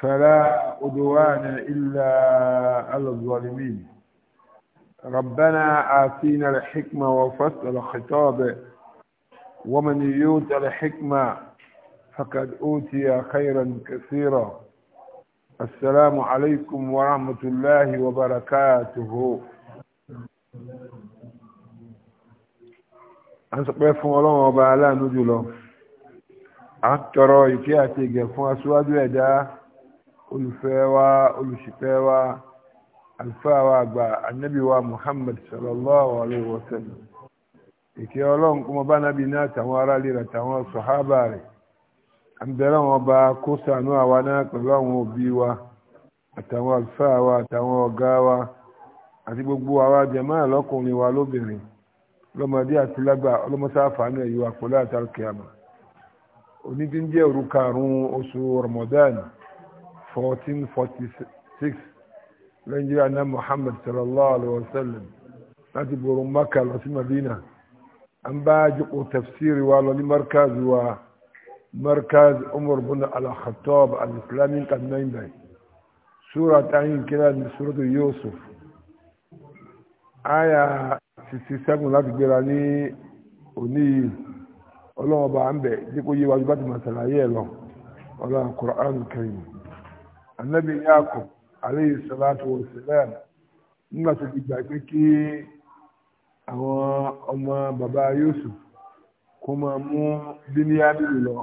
فلا عدوان إلا على الظالمين ربنا آتينا الحكمة وفصل الخطاب ومن يؤت الحكمة فقد أوتي خيرا كثيرا السلام عليكم ورحمة الله وبركاته أنا ń sọ pé fún ọlọ́run ọba aláàánú jùlọ a ń tọrọ ìkẹ́ àti olùfẹ́ wa olùṣìpẹ̀ wa àlùfáà wa àgbà ànábì wa Muhammad sallallahu alayhi wa sallam ìkẹ́ ọlọ́run kó mọ bá nábì náà tàwọn aráàlú rẹ̀ tàwọn sọ̀hábà rẹ̀ àǹbẹ̀rẹ̀ wọn bá kó sànú àwa náà pẹ̀lú àwọn òbí wa àtàwọn àlùfáà wa àtàwọn ọ̀gá wa àti gbogbo àwa jẹ̀mọ́ àlọ́kùnrin wa lóbìnrin lọ́mọdé àti lágbà ọlọ́mọsáfàánú ẹ̀yọ́ àpọ̀lá àtàlùkẹ́ àmà onídìí ń jẹ́ òru karùn oṣù Ramadan 1446 lẹ́yìn àná Muhammad sallallahu alaihi wasallam láti bòrò Maka lọ sí Madina an bá jùkú tafsiri wa lọ ní markaz wa markaz Umar bin al-Khattab al-Islamic al-Nainbai sura ta yin kira ní suratu Yusuf aya 67 láti gbéra ní òní yìí ọlọ́wọ́ bá ń bẹ̀ dípò yíwájú bá ti màsàlàyé ẹ̀ lọ ọlọ́wọ́ Qur'an Karim anabi yaakub aleyhi salatu wa salam nígbà tó ti gbà pé kí àwọn ọmọ bàbá yusuf kó máa mú bíníyàmì lọ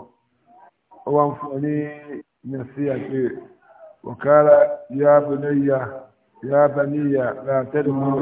ó wá ń fún ọ ní yànsí àti wàkàrà yá bẹnìyà yá bẹnìyà látẹ́lẹ́mọ́.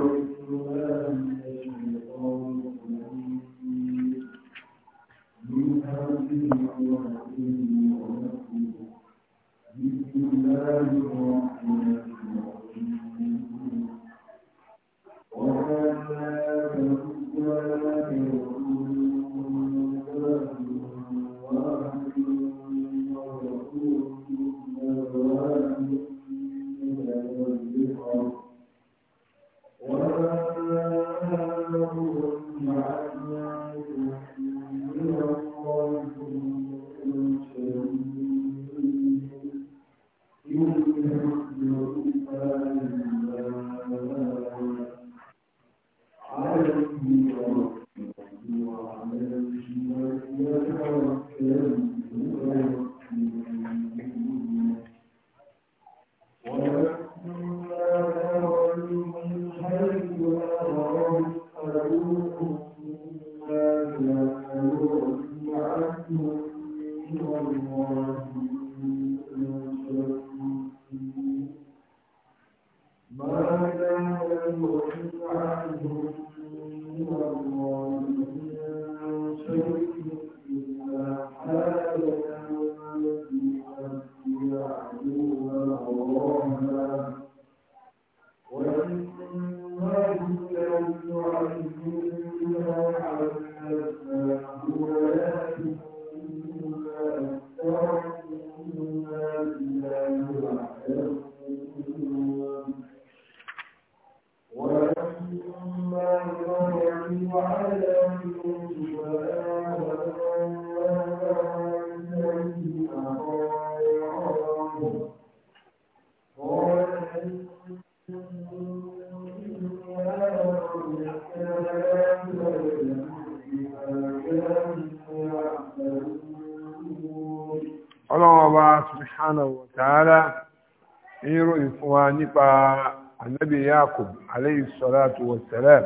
Yakub aleyhi salatu wa salam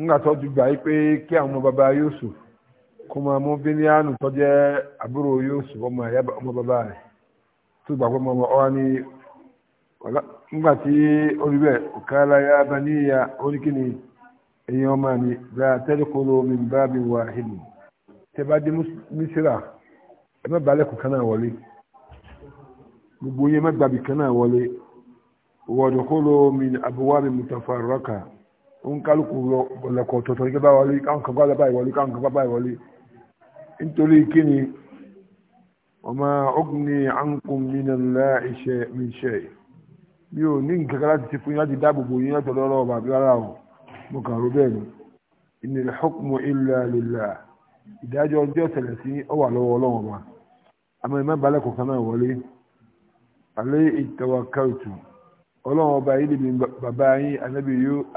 nga to ti gba yí pé kí baba Yusuf kó máa to je tó Yusuf ọmọ ẹ̀yà ọmọ bàbá rẹ̀ gba ni nígbà tí olùbẹ̀ ya bá níyà ọmọ mi bá tẹ́lẹ̀kọ́lọ́ mi bá mi wà hìlù tẹ́ bá dé mísírà ẹ má balẹ̀ gbogbo yẹn wọ̀dùkúrò min abuwaabi mutafarraka ń kálukú lọ́kọ̀ tọ̀tọ̀ nígbà wọlé káwọn kan gbá báyìí wọlé káwọn kan gbá báyìí wọlé nítorí kíni ọmọ ọgbìnì àǹkùn mìíràn láìṣe mi ṣe o mo ni inil hukmu illa lillah ìdájọ́ ọjọ́ ìṣẹ̀lẹ̀ sí ọwà lọ́wọ́ ọlọ́run ọba àmọ́ ìmọ̀ balẹ̀ kọ̀ọ̀kan ọlọ́run ọba yìí ni bàbá yín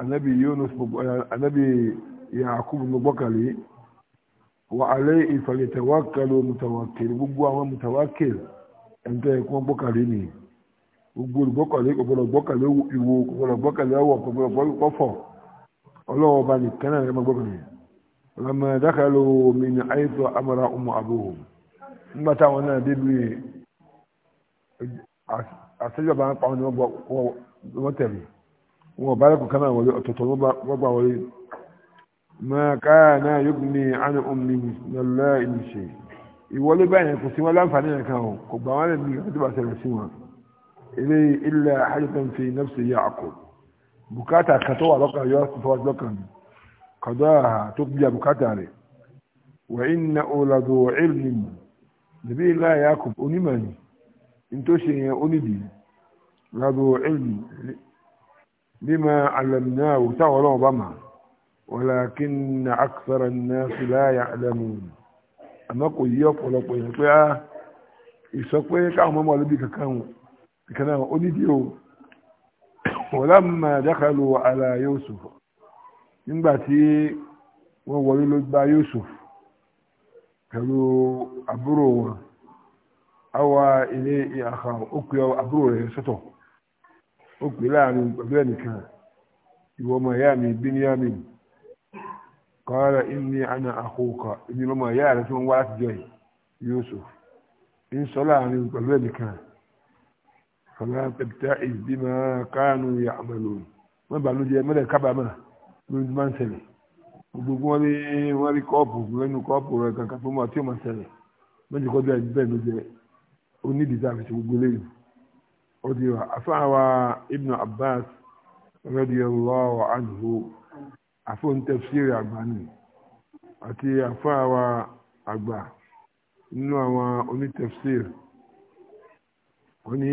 anabi yunus anabi yaakub gbọ́kàlé wà alẹ́ ìfàlẹ̀tẹ̀wákàlù mùtàwákìlì gbogbo àwọn mùtàwákìlì ẹ̀ńtẹ́ ẹ̀kọ́ gbọ́kàlé ni gbogbo olùgbọ́kàlé ọ̀gbọ́dọ̀ gbọ́kàlé ìwo ọ̀gbọ́dọ̀ gbọ́kàlé ọwọ́ ọ̀gbọ́dọ̀ kọ́fọ̀ ọlọ́run ọba nìkan náà ẹ̀ma gbọ́kàlé lọ́mọ dákàlù mi ní àyètò amara ọmọ àṣẹjọ bá ń pa wọn ni wọ́n tẹ̀lé wọn bá lẹ́kọ̀ọ́ kan náà wọlé ọ̀tọ̀ọ̀tọ̀ wọ́n gbà wọlé ma kana yugni àná omi lọ́lá ìlú ṣe ìwọlé báyìí kò sí wọn láǹfààní yẹn kan o kò gbà wọn lè ní ọdún bá ṣẹlẹ̀ sí wọn ilé ilẹ̀ hajjatan fi nafsi Yaqub bùkátà kàtó wà lọ́kàn yọ fọwọ́ lọ́kàn kọjọ́ àhà tó gbìyà bùkátà rẹ̀ wà iná ọ̀làdọ̀ ilmi nàbí ilá Yaqub onímọ̀ ní tó yẹn onídìí ذو علم بما علمناه تعالى بما ولكن أكثر الناس لا يعلمون أما قل يقول لقل يقول يسقوي كأمام والدي ككام كنا أوليديو ولما دخلوا على يوسف nígbà tí wọ́n wọlé ló gba Yusuf pẹ̀lú àbúrò wọn awa ilé ìhàkà ó pe àbúrò rẹ̀ sọ́tọ̀ ó pè láàrin pẹ̀lú ẹnìkan ìwọ ọmọ ìyá mi bíníyàmì kọ́ra ìní àna àkókò ìní ọmọ ìyá rẹ̀ tó ń wá láti jọ yìí Yusuf ń sọ láàrin pẹ̀lú ẹnìkan fọlá pẹ̀pẹ̀tà ìbímọ kánú ya àmàlò wọn bàlújẹ mẹlẹ kábàámà ló ń máa ń ṣẹlẹ̀ gbogbo wọn rí wọn kọ́ọ̀pù lẹ́nu kọ́ọ̀pù rẹ̀ kankan fún wọn àti ọmọ ṣẹlẹ̀ mẹjọ kọjá ẹni bẹ́ẹ̀ ló jẹ onídìí tá a fi ṣe odiwa afaawa ibnu abbas radiyallahu anhu afon tafsiri agbani àti afaawa àgbà nínú àwọn onítafsir oní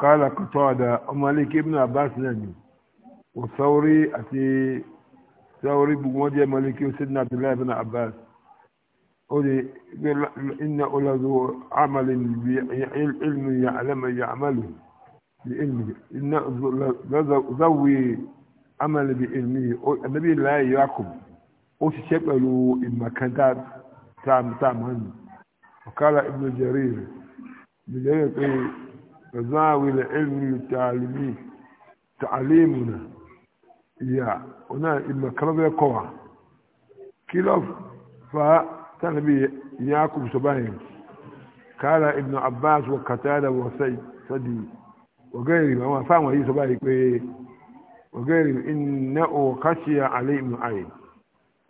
kala qatada ọmọlẹ́kì ibnu abbas náà ni wọ́n sáwórí àti sáwórí gbogbo wọn jẹ́ mọ́lẹ́kì ó sì ní abdullahi ibnu abbas قولي إن أولاد عمل علم يعلم يعمله بإلمه إن ذوي عمل بإلمه النبي لا يعقب وشيء إما كانت تعم تعم وقال ابن جرير ابن جرير فزاوي العلم تعليمي تعليمنا يا هنا إما كلام يقوى كيلوف ف تنبي يعقوب سباين قال ابن عباس وقتادة وسيد سدي وغيره وما فهم هي سباين وغيره إنه خشي عليه من عين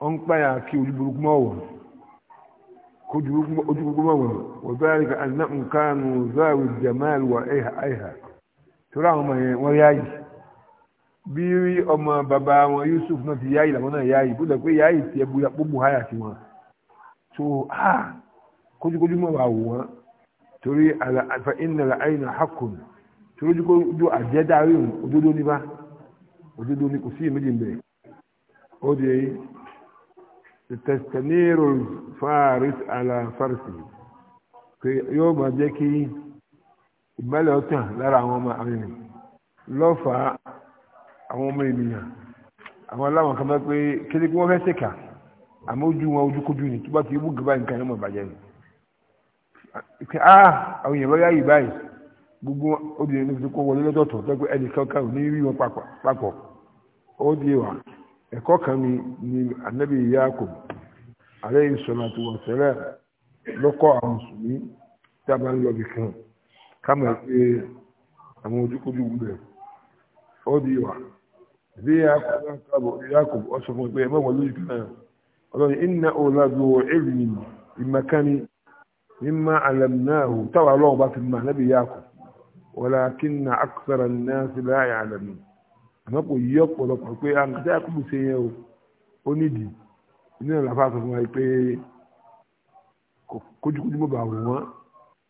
أنقى يا كي وجبرك موه وجبرك موه وذلك أنهم كانوا ذوي الجمال وإيها إيها تراهم وياي bí ọmọ bàbá wọn Yusuf náà ti yáyì làwọn náà yáyì bó dẹ̀ pé yáyì tiẹ̀ bu háyà sí wọn so ah kójúkójú mọ̀ wà wọ́n torí àfa ìnàlà àyìnà hakùn torí ojúkójú àjẹ́dárí òdodo ní bá òdodo ní kò sí ìméjì ń bẹ̀ ó di tẹ̀sítẹ̀nírò fáàrísì àlà fáàrísì pé yóò máa jẹ́ kí ìbálẹ̀ ọ̀tàn lára àwọn ọmọ àwọn ènìyàn lọ́fàá àwọn ọmọ ènìyàn àwọn aláwọn kan bá pé kí ni kí wọ́n fẹ́ ṣèkà àmọ́ ojú wọn ojúkójú ni tó bá ti ibú gbà nǹkan ẹ̀mọ́ ìbàjẹ́ ni ìpín a ah, àwọn èèyàn lọ́yà yìí báyìí gbogbo obìnrin níbi tó kó wọlé lọ́tọ̀ọ̀tọ̀ tó pé ẹnì kankan ò ní rí wọn papọ̀ ó di wa ẹ̀kọ́ kan ni ni anabi Yakub alayhi salatu wa salam lọ́kọ́ àwọn mùsùlùmí tí a bá ń lọ bì kan kámẹ́ pé àwọn ojúkójú bẹ̀ ó di wa bí Yakub ọ̀sọ̀ fún mi pé ẹ má wọlé ọlọ́run iná ọ̀làdù ìlú ìmọ̀kánni mímọ́ àlàmìnáhù táwọn ọlọ́run bá fi mọ̀ níbi yàkù walakinna akthara an-nasi la ya'lamun àmọ́ kò yí ọ̀pọ̀lọpọ̀ pé àǹkàtà ah, àkùbù ṣe yẹn o ó nídìí inú ẹ̀ làfà sọ fún wa pé kójúkójú mọ̀ bá wù wọ́n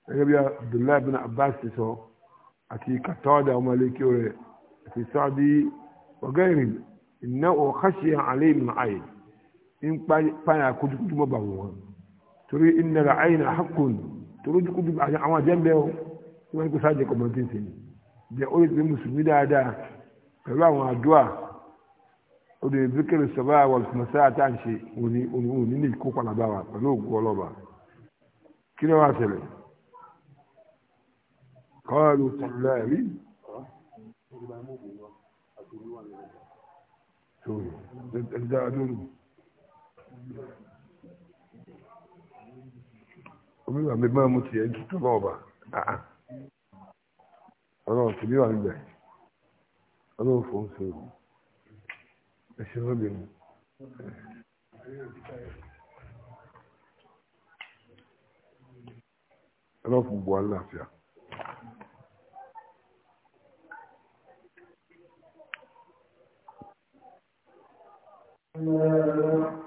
gẹ́gẹ́ bí Abdullahi bin Abbas ti sọ àti ọmọ lẹ́kí rẹ̀ àti Sa'di ọgẹ́rin in paya kojukoju mọ bàwọ wọn torí ìnira àyìnà hakùn torí ojúkojú àwọn àjẹmbẹ o tí wọn kò sáàjẹ kọmọtì ń sèyí jẹ o lè pè mùsùlùmí dáadáa pẹ̀lú àwọn àdúrà odò ìbíkẹrẹ sọba àwọn olùsọmọsá àtàǹṣe òní òní ní ìkó palaba wa pẹ̀lú òkú ọlọba kí ló wá ṣẹlẹ̀ kọlu tọlá rí. Sorry, that's the omi wà mí máa mú tiẹ̀ ní tọ́lọ́ ọba ah, ah. ọlọ́run wà níbẹ̀ ọlọ́run fò ń ọlọ́run fún Thank you.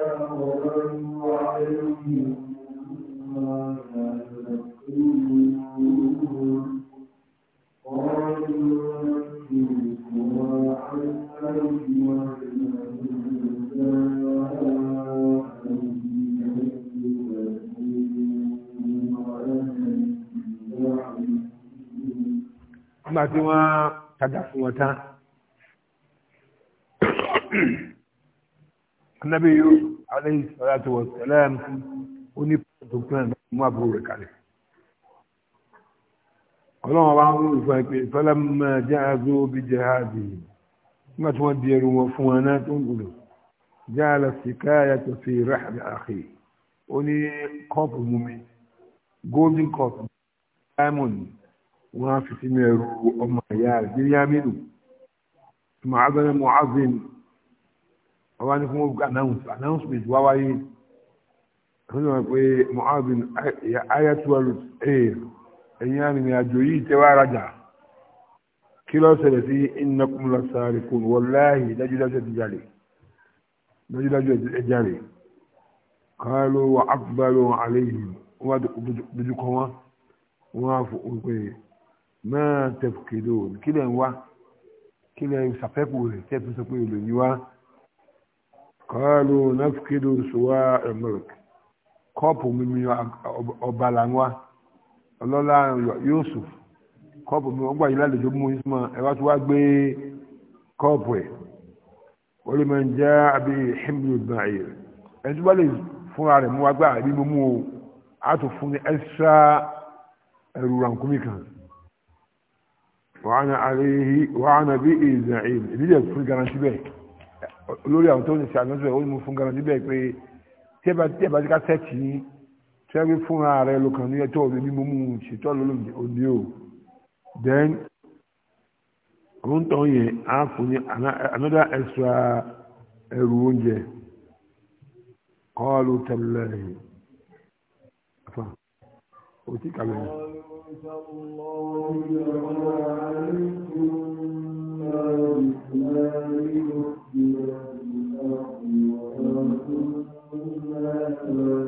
tán anabi yóò alayhi salatu wa salam ó ní pọ́ọ̀tù plan mú àbúrò rẹ̀ kalẹ̀ ọlọ́run bá ń rú ìfọ̀ ìpè falamma ja'azu bi jihadihi nígbà tí wọ́n di ẹrù wọn fún wọn náà tó ń gbòdò ja'ala sikayata fi rahli akhi ó ní kọ́ọ̀pù mú mi golden cup diamond wọ́n á fi sínú ẹrù ọmọ ìyá rẹ̀ bíríyàmínú معبد معظم àwọn ni fún announce announcement wá wáyé fún wọn pé muhammed ayatollah air ẹ̀yìn arìnrìn àjò yìí tẹ́wọ́ arajà kí ló ṣẹlẹ̀ sí innakum lasariqun wallahi dájúdájú ẹ̀dìjàre dájúdájú ẹ̀dìjàre qalu wa aqbalu alayhim wọ́n dojú kọ wọn wọ́n á fò ó pé ma tafkidun kí lè ń wá kí ni ẹ̀yìn sàfẹ́kù rẹ̀ tẹ́ fi sọ pé èlò yìí wá kọ́ọ̀lù nafkidu suwa emmerich kọ́ọ̀pù mímu ọba làwọn ọlọ́lá Yusuf kọ́ọ̀pù mímu ọgbà yìí lálejò mú isma ẹ wá tí wá gbé kọ́ọ̀pù ẹ̀ wọ́n lè máa ń já abẹ́ himlu báyìí ẹni tí wọ́n lè fúnra rẹ̀ mú wá gbá àbí mímú o á tún fún ní ẹ́sà وعن عليه وعن به زعيم ìdílé fún garanti bẹ́ẹ̀ olórí àwọn tó ń ṣe àjọṣe ó ní mo fún garanti bẹ́ẹ̀ pé tí ẹ bá tí ẹ bá ti ká sẹ́ẹ̀tì yín tí wọ́n fi fún ààrẹ lókàn ní ẹjọ́ òbí mímú mú un ṣètò lólóòdì òní o then òun tó ń yẹ á fún ní another extra ẹrù oúnjẹ kọ́ ló tẹ̀lé lẹ́yìn kò tí kàwé ni. Thank you.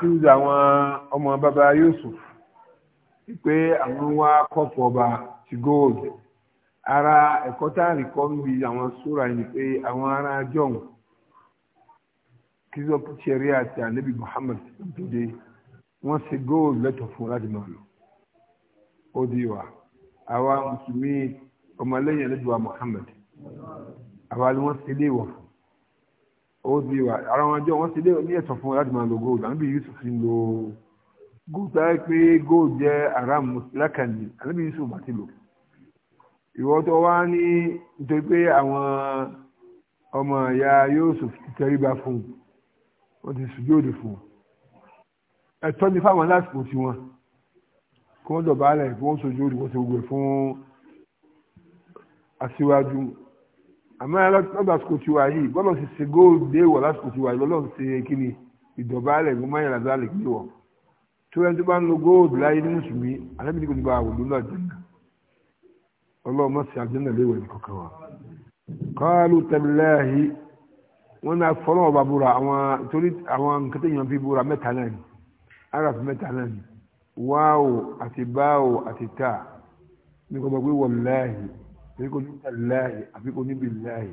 accuse àwọn ọmọ bàbá Yusuf pé àwọn wá kọ́pọ̀ ọba ti gold ara ẹ̀kọ́ tá à ń kọ́ níbi àwọn sóra yìí pé àwọn john àti anabi muhammad wọ́n ṣe lẹ́tọ̀ fún láti máa ó di wa àwa mùsùlùmí ọmọlẹ́yìn anabi wa ó di wà ara wọn jọ wọn ti dé ní ẹ̀tọ́ fún láti máa lo gold àbí Yusuf ń lo gold láyé pé gold jẹ́ aram lákàndì àbí Yusuf bá ti lò ìwọ tó wá ní nítorí pé àwọn ọmọ ìyá Yusuf ti tẹríba fún wọn ti sùjúdù fún ẹ̀tọ́ ni fáwọn lásìkò tiwọn kí wọ́n dọ̀bálẹ̀ kí wọ́n sojú òdìwọ́sẹ̀ gbogbo fún aṣíwájú àmọ́ lọ́gbà sùkò tí wà yìí bọ́lọ̀ sì ṣe góòlù dé wọ̀ lásìkò tí wà yìí lọ́lọ́ ṣe kí ni ìdọ̀bálẹ̀ gbọ́n máyà làzá lè gbé wọ̀ tí wọ́n ti bá ń lo góòlù láyé ní mùsùlùmí alábìlì kò ní bá wò lónà àjẹnà ọlọ́run mọ̀ sí àjẹnà léwọ̀ ní kọ̀ọ̀kan wa. kọ́ọ̀lù tẹ̀láhì wọ́n náà fọ́nà ọba búra àwọn torí àwọn nkété yẹn fi búra mẹ́ta náà ni araf mẹ́ta náà ni wáwò àti báwò àti táà ní èyí kò ní aláì àbí kò ní billahi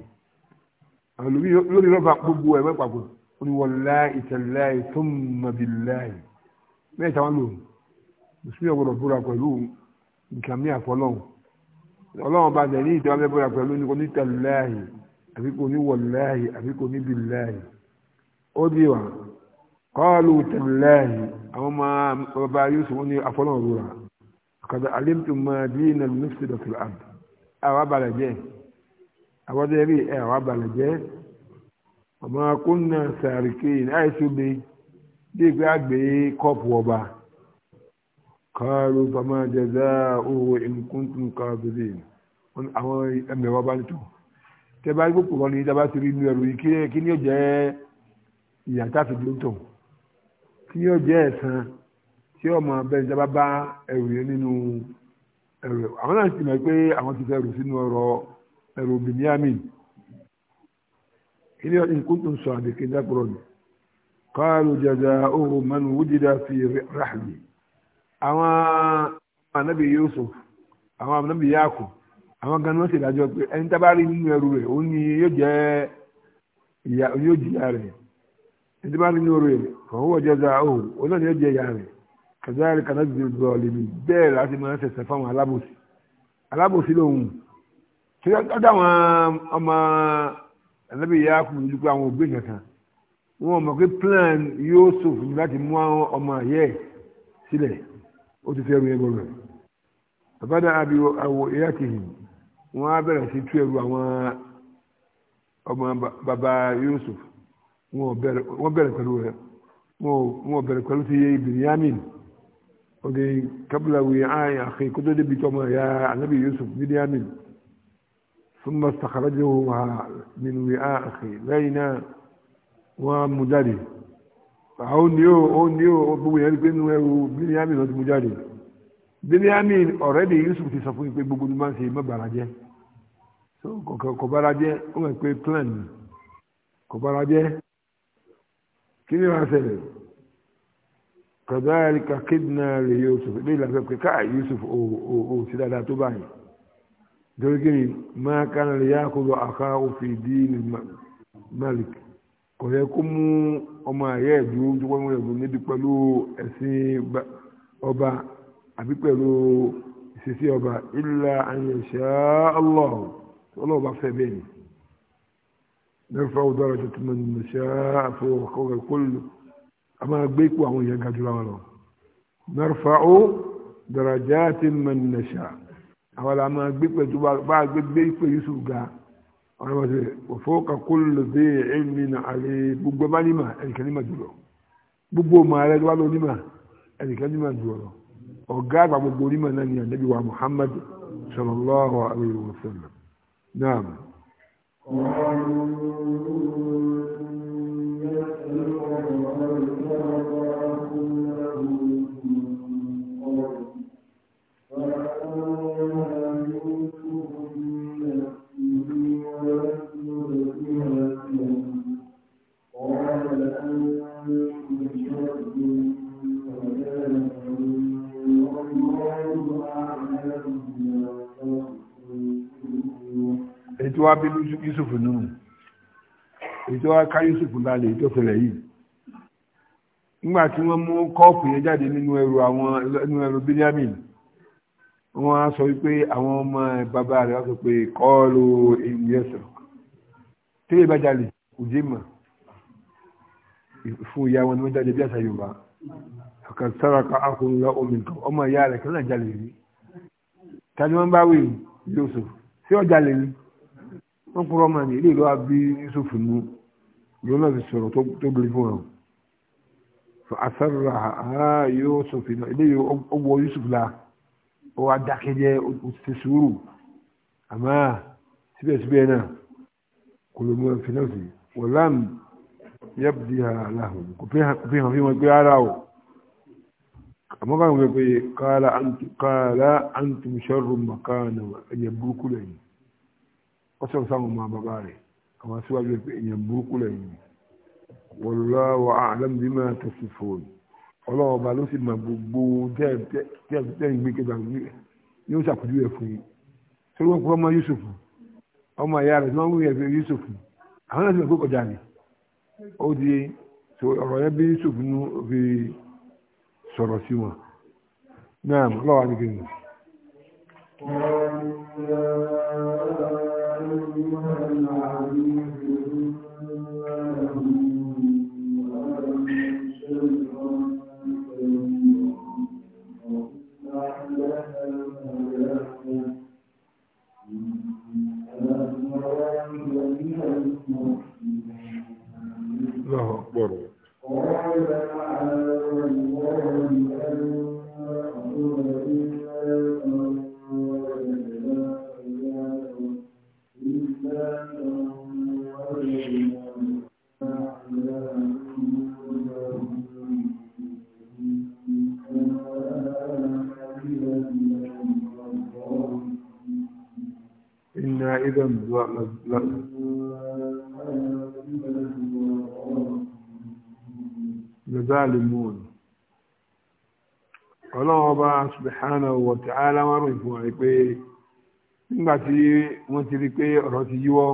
àwọn olùbí lórí rọ́bà gbogbo ẹ̀ mẹ́pàgbọ́ ó ní wallahi tallahi thumma billahi bẹ́ẹ̀ táwọn lò mùsùlùmí ọ̀gbọ́dọ̀ búra pẹ̀lú nkàmí àfọlọ́hùn ọlọ́run bá dẹ̀ ní ìjọba bẹ́ẹ̀ búra pẹ̀lú ní kò ní tallahi àbí kò ní wallahi àbí kò ní billahi ó di wa qalu tallahi àwọn máa bàbá Yusuf ní àfọlọ́hùn rúra qad alimtum ma dina al-mufsida àwa balẹ̀ jẹ́ àwọn ẹbí ẹ àwa balẹ̀ jẹ́ ọmọ akóńnà sàrìkè àìsóbe bíi pé àgbè kọ́ọ̀pù ọba kọ́ọ̀lù fama jẹ́zá owó ìnkúntùn kọ́ọ̀bìlì àwọn ẹ̀mẹ̀wá bá ń tù tẹ́ bá gbogbo wọn ní ìjábá ti rí inú ẹrù yìí kí ni yóò jẹ́ ìyá táfi dúró kí ni yóò jẹ́ ẹ̀san tí ọmọ abẹ́rẹ́ ìjábá bá ẹrù yẹn nínú. ẹrù àwọn náà sì mọ̀ pé àwọn ti fẹ́ rù sínú ọ̀rọ̀ ẹrù bìnyamin ilé ọdún kúntùn sọ àdèké dákúrọ̀ ni káàlù jàjà mẹ́nu fi ráàlì àwọn anábì Yusuf àwọn anábì yaakù àwọn ganan wọ́n sì dájọ́ pé ẹni tábàárí nínú ẹrù rẹ̀ òun ni yóò jẹ́ ìyá yóò jìyà rẹ̀ ẹni nínú ẹrù rẹ̀ wọ́n jẹ́ òun náà kàzáàrí kaná ti di ọ̀lẹ́mì bẹ́ẹ̀ láti máa ṣẹ̀ṣẹ̀ fáwọn alábòsí alábòsí lòun ṣe ọ̀dọ̀ àwọn ọmọ ẹlẹ́bí ya kù lójú pé àwọn òbí kankan wọn mọ̀ pé plan yóò sòfò láti mú àwọn ọmọ ayé sílẹ̀ ó ti fi ẹrù yẹn gbọ́dọ̀ àbádá àbí àwọ̀ ìyá kìhìn wọn á bẹ̀rẹ̀ sí tú ẹrù àwọn ọmọ bàbá Yusuf wọn bẹ̀rẹ̀ pẹ̀lú rẹ̀ wọn bẹ̀rẹ̀ pẹ̀lú ti Bìnyámìn odi kabla wi'aa'i akhi kudo de bitoma ya annabi yusuf binyamin thumma istakhrajahu min wi'aa'i akhi laina wa mudari àwọn ni o o ni o gbogbo yẹn pé nínú ẹrù binyamin mudari binyamin already yusuf ti sọ fún mi pé gbogbo ní máa so kò bàrà jẹ́ ó mọ̀ pé plan kò bàrà jẹ́ kí ni كذلك كدنا ليوسف ليه لا كا يوسف او او او سيدا تباني دولكي ما كان ليأخذ أخاه في دين الملك kò yẹ kó mú ọmọ ayé ẹ̀dúró tó wọ́n rẹ̀ nídìí pẹ̀lú ẹ̀sìn ọba àbí pẹ̀lú ìṣesí ọba illa an yasha Allah ọlọ́run bá fẹ́ bẹ́ẹ̀ ni. nirfa'u darajatan man nasha'u fawqa a máa gbé ipò àwọn èèyàn ga jùlọ wọn lọ narfa'u darajatin man nasha àwọn la máa gbé pẹ̀ tó bá gbé gbé ipò Yusuf ga àwọn ọmọ ṣe fawqa kulli dhi ilmin alim gbogbo bá nímà ẹnìkan nímà jùlọ gbogbo ọmọ rẹ wà lọ nímà ẹnìkan nímà jùlọ ọ̀gá àgbà gbogbo onímọ̀ náà ni ànábì wa Muhammad sallallahu alayhi wa sallam naam ètò abẹ́lú Yusuf nínú èyí tó wá ká Yúsùfù lálẹ́ èyí tó fẹlẹ̀ yìí nígbà tí wọ́n mú kọ́ọ̀pù yẹn jáde nínú ẹrù àwọn nínú ẹrù Benjamin wọ́n á sọ wípé àwọn ọmọ bàbá rẹ̀ wá sọ pé kọ́ọ̀lù ìyẹsọ̀ tí èyí bá jalè kò dé mọ̀ fún ìyá wọn ni wọ́n jáde bí àṣà Yorùbá ọ̀kan sára ká ákùnrin lọ omi nǹkan ọmọ ìyá rẹ̀ kan náà jalè rí ta ni wọ́n bá wí Yusuf sí ọ̀jalè ni wọ́n kúrọ́ ọmọ ní ilé ìlú abí Yusuf nù lòun náà ti sọ̀rọ̀ tó gbé fún wọn fàásàrà ha Yusuf ilé ọgbọ Yusuf la ó wá dákẹ́jẹ́ ó ti sùúrù àmọ́ síbẹ̀síbẹ̀ náà kò ló mú ẹ fi náà sí wọ́n láàmù yẹ́bùdí aláhùn kò fi hàn fi wọn gbé ara o àmọ́ káwọn gbé pé kààlà àǹtùmṣẹ́rù màkánà ẹ̀yẹ burúkú lẹ́yìn ó sáwọn ọmọ bàbá rẹ̀ àwọn síwájú pé èèyàn burúkú lẹ́yìn wallahu a'lam bima tasifun ọlọ́run ọba ló sì mọ gbogbo tẹ́ẹ̀ gbé kẹgbà ní ó ṣàpèjúwe fún yìí sórí wọn kọ́ ọmọ Yusuf ọmọ ìyá rẹ̀ tí wọ́n ń wúyẹ̀ fún Yusuf àwọn náà sì mọ̀ pé kọjá ni ó di ọ̀rọ̀ yẹn bí Yusuf nú fi sọ̀rọ̀ sí wọn náà lọ́wọ́ adigun. الله أكبر idan zuwa لظالمون ọlọ́wọ́ bá subhanahu wa ta'ala wọ́n rìn fún àrí pé nígbàtí wọ́n ti rí pé ọ̀rọ̀ ti yíwọ́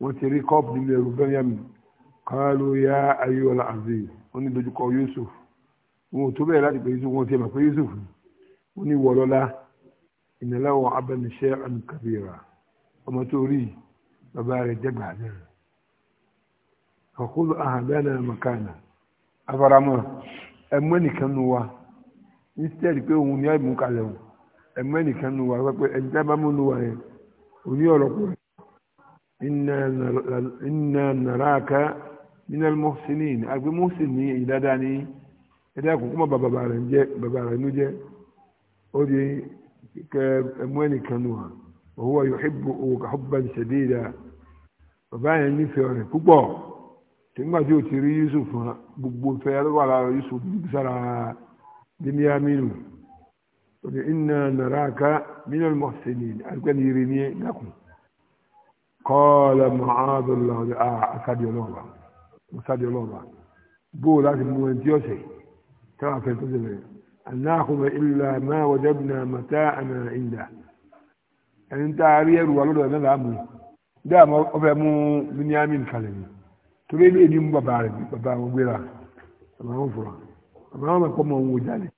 wọ́n ti rí kọ́ọ̀pù nílé ẹrù bẹ́yàmì qalu ya ayyul aziz wọ́n ní dojúkọ yusuf wọn ò tó bẹ́ẹ̀ láti pé yusuf wọ́n ti mọ̀ pé yusuf wọ́n ní wọ́lọ́lá inna lahu abdan kabira ọmọ tó rí bàbá rẹ̀ jẹ́gbàá náà ọ̀kúlù àhàbẹ́nà mọ̀kánà afaramọ́ ẹ̀mọ́ nìkan nu wa instead pé òun ní ẹ̀mú kalẹ̀ o ẹ̀mọ́ nìkan nu wa pé ẹ̀jẹ̀ tá a bá mú nu wa yẹn òní ọ̀rọ̀ pọ̀ iná nàrà ká nínú mọ́sínì àgbẹ̀ mọ́sínì ìdádá ní ẹ̀dá àkókò mọ́ bàbá rẹ̀ ń jẹ́ bàbá rẹ̀ ń jẹ́ ó di ẹ̀mọ́ nìkan nu wa. وهو يحبك حبا شديدا فبان النفي عن الكبار ثم تؤتي يوسف بقبول فيال ولا يوسف بكسر دنيا منه قل إنا نراك من المحسنين أبقى يريني نقل قال معاذ الله أكاد آه، يلوبا أكاد يلوبا بو لكن مو أنت ترى في الفضل أن نأخذ إلا ما وجدنا متاعنا عنده ẹni tá a rí ẹrù wa lọ́dọ̀ ẹ̀ náà mú bí àwọn ọbẹ̀ mú Bíníámìn kalẹ̀ ni torí ilé ìdí mú bàbá rẹ̀ bàbá àwọn gbéra bàbá àwọn fura bàbá àwọn ẹ̀kọ́ mọ̀ òun jalè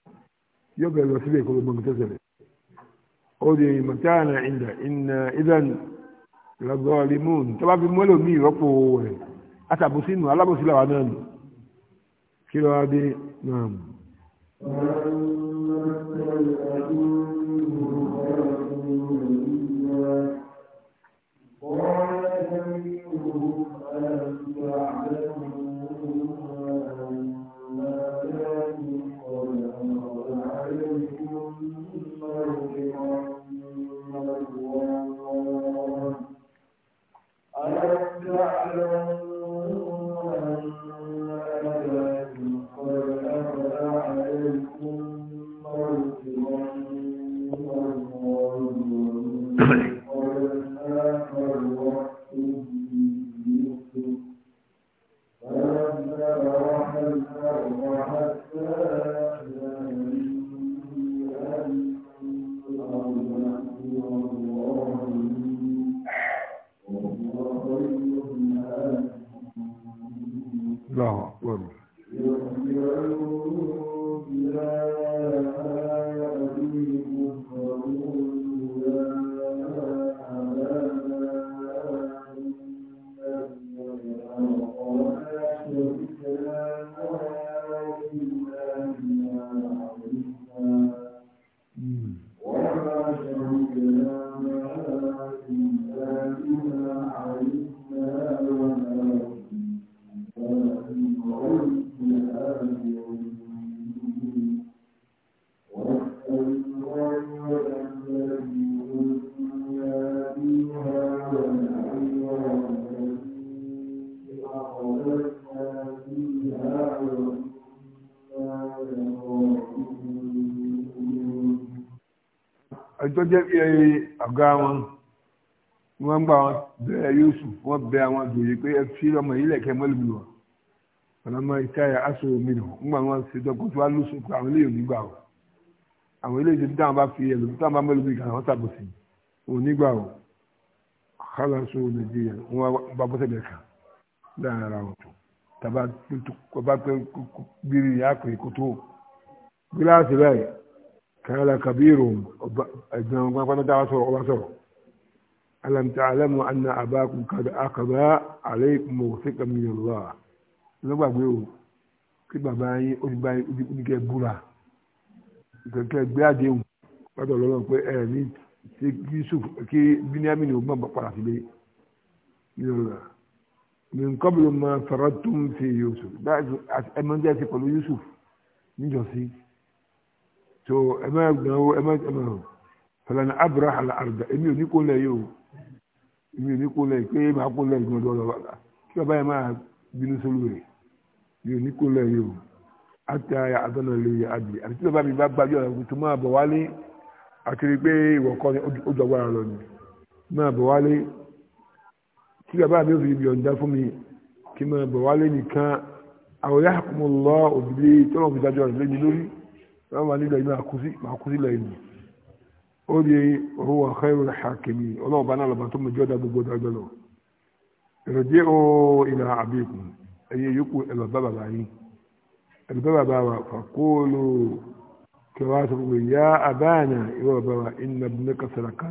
yóò bẹ̀rẹ̀ lọ síbẹ̀ kó ló gbọ́n tẹ́sẹ̀lẹ̀ ó di mọ̀tánà ìdá ìnà ìdán lọ́gọ́ọ̀lì mún tó bá fi mọ́lò mí ìrọ́pò rẹ̀ àtàbùsí nù alábòsí làwọn náà nù kí lọ́wọ́ dé náà. jẹ́ kí ọ̀gá wọn wọ́n gbà wọn bẹ̀rẹ̀ Yusuf wọ́n bẹ àwọn àgbèrè pé ẹ fi ọmọ yìí lẹ̀kẹ́ mọ́lùmí wa ọ̀nàmọ́ ìtayà aṣọ omi nù ńgbà wọn ṣe dọ́kọ̀ tí wọ́n lóṣù pé àwọn eléyìí ò ní gbà o àwọn eléyìí tí táwọn bá fi ẹlòmí táwọn bá mọ́lùmí kan àwọn sàbòsì òun nígbà o kálá sọ nàìjíríà wọn bá bọ́sẹ̀ kala kabiru ẹ̀gbọ́n gbọ́n dáwà sọ̀rọ̀ ọba sọ̀rọ̀ alam ta'lamu anna abakum qad aqada alaykum mawthiqan min Allah lọ́gbàgbé o kí bàbá yín ó ti báyìí ó ti kẹ́ búra kẹ́kẹ́ gbé àdéhùn pátọ̀ lọ́nà pé ẹ̀ ní tí Yusuf kí Bíníámínì ó gbọ́n padà sílé nínú ọ̀la min qablu ma faradtum fi Yusuf báyìí ẹ̀mọ́jẹ́ ti Yusuf níjọ́sí so ẹ máa gbọ́n owó ẹ máa ẹ máa fẹlẹ́ni abúlé àlà àrùdà èmi ò ní kó lẹ̀ yìí o èmi ò ní kó lẹ̀ pé máa kó lẹ̀ gbọ́dọ̀ lọ́wọ́ kí bàbá yẹn máa bínú sólù rẹ̀ èmi ò ní kó lẹ̀ yìí o àti àyà àdánà lè yà àbí àti tí bàbá mi bá gbájú ọ̀rọ̀ kò tó máa bọ̀ wálé àti rí pé ìwọ̀ kọ́ ni ó jọ wára lọ ni máa bọ̀ wálé tí bàbá mi ò fi yọ̀ǹda fún mi kí máa bọ̀ wálé nìkan àwọn yàrá kò òbí tó lọ́ fi dájọ́ rẹ̀ lé mi lórí láwọn alílẹ̀ inú àkúsílẹ̀ ìlú ó di owó àkẹ́rù hakimi ọlọ́ọ̀bá náà lọ́ba tó mọ̀jọ́ da gbogbo dájọ́ lọ ìrọ̀jẹ́ o ìlà àbíkù ẹ̀yẹ yòókù ẹ̀lọ́bá bàbá yìí ẹ̀lọ́bá bàbá wa fàkóòlù kẹwàá sọ fún mi yá àbáyà ìwọ bàbá wa iná bí mẹ́ka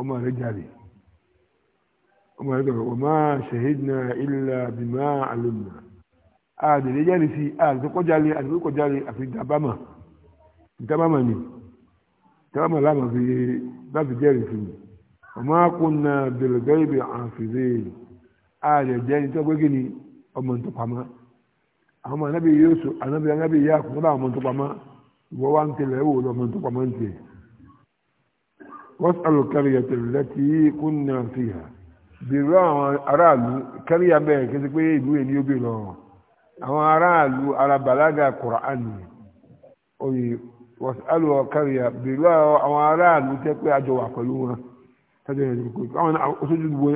ọmọ rẹ̀ jáde ọmọ rẹ̀ jáde wọ́n máa ṣèhídìnà ìlà bímá àlùmọ́ àdìrẹ́jáde sí àdìrẹ́kọ̀jáde àdìrẹ́kọ̀jáde àfi dàbámà. ìtàbá mà ní ìtàbá mà láàmà ọ láti jẹ́rìí sí mi ọmọ akùnà a àfìrè ààrẹ jẹ́ ní tọ́gbé kí ni ọmọ ntọ́pamọ́ àwọn ọmọ anábì Yusuf anábì anábì yá kùn náà ọmọ ntọ́pamọ́ ìwọ́ wa ń tẹ̀lé ẹ̀wò lọ ọmọ ntọ́pamọ́ ń wọ́sálù ọ̀kàrìyà bèèrè àwọn aráàlú tẹ́ pé àjọ wà pẹ̀lú wọn tẹ́jọ ìrìn kò àwọn oṣooṣù gbogbo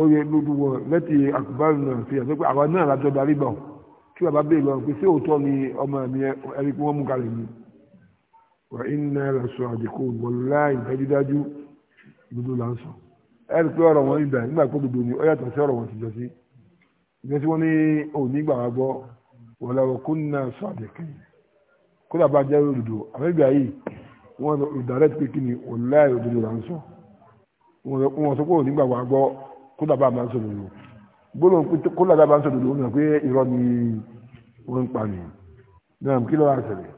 oyè lójúwọ̀ lẹ́tì àkùbárù náà fi hàn pé àwọn náà lájọ darí bọ̀ kí bàbá bèèrè lọ pé sí òótọ́ ni ọmọ mi ẹni pé wọ́n mú kalẹ̀ mi. wà iná lọ́sọ àdìkò wọlá ìdájúdájú dúdú là ń sọ ẹni pé ọ̀rọ̀ wọn ibà nígbà pé dòdò ni ó yàtọ̀ sí ọ̀rọ̀ wọn ti jọ sí ìgbésí wọn ní òní gbà wá gbọ́ wọlá ọkùnrin náà sọ àdìkò yìí kódà bá jẹ́ olùdó àbẹ́gbẹ́ ayé wọ́n lọ direct pé kí ni wallahi òdodo là ń sọ wọ́n sọ pé onígbà wà gbọ́ kódà bá máa ń sọ òdodo gbólóhùn pé kódà bá máa ń sọ òdodo wọn pé irọ́ ni wọ́n ń pa ni náà kí ló wà ṣẹlẹ̀.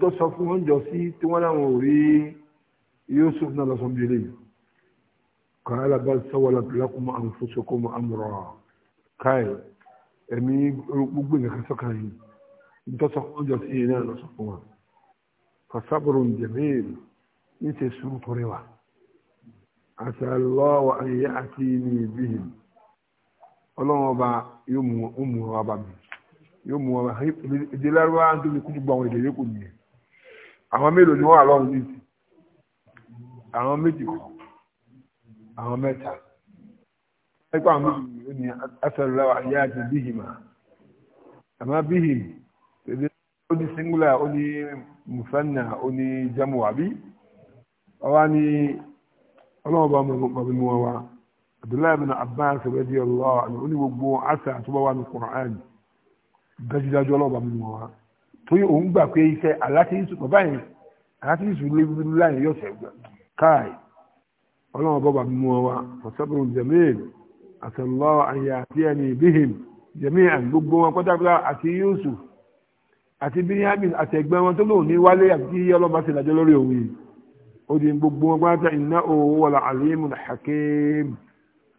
tó sọ fún wọn jọ sí tí wọn làwọn ò rí Yusuf náà lọsọ bí lè kàálà bá sọwọlá lákùnmọ àǹfọṣọkọmọ àmúrọ káì ẹmí gbogbo nǹkan sọkàn yìí ní tó sọ fún wọn jọ sí yìí náà lọsọ fún wọn fasabrun jamil ní ṣe sùúrù tó rẹwà àti ayé àti ní ìbíhìn ọlọ́wọ́ bá yóò mú wọn bá mi yóò mú wọn bá ìdílárúwá tó fi kútu gbọ́ àwọn ìdílé kò nìyẹn àwọn mélòó ni wọ́n wà lọ́rùn ní ìsìn àwọn méjì kọ́ àwọn mẹ́ta ẹgbẹ́ àwọn méjì ó ní asọ̀rọ̀ àyà àti bíhìmà àmọ́ bíhìm èdè ó ní singular ó ní musanna ó ní jamu àbí ọwá ní ọlọ́ọ̀bá mọ̀bìnrin wọn wa abdullahi bin abbas radiyallahu anhu ó ní gbogbo asa àtúbọ̀wá ní Qur'an dájúdájú ọlọ́ọ̀bá mọ̀bìnrin wọn wa torí òun gbà pé iṣẹ́ alátìrísù bàbá yẹn alátìrísù léwu láyé yóò fẹ́ gbà káì ọlọ́run bọ́ba mú ọ wa ọ̀sọ́bìnrin jamil àtàlọ́ àyà àti ẹni bíhìm jamil àti gbogbo wọn pátápátá àti yusuf àti binyamin àti ẹgbẹ́ wọn tó lóun ní wálé àti ọlọ́ba ti làjọ lórí òun yìí ó di gbogbo wọn pátá iná òwò wàlà àlímù hakim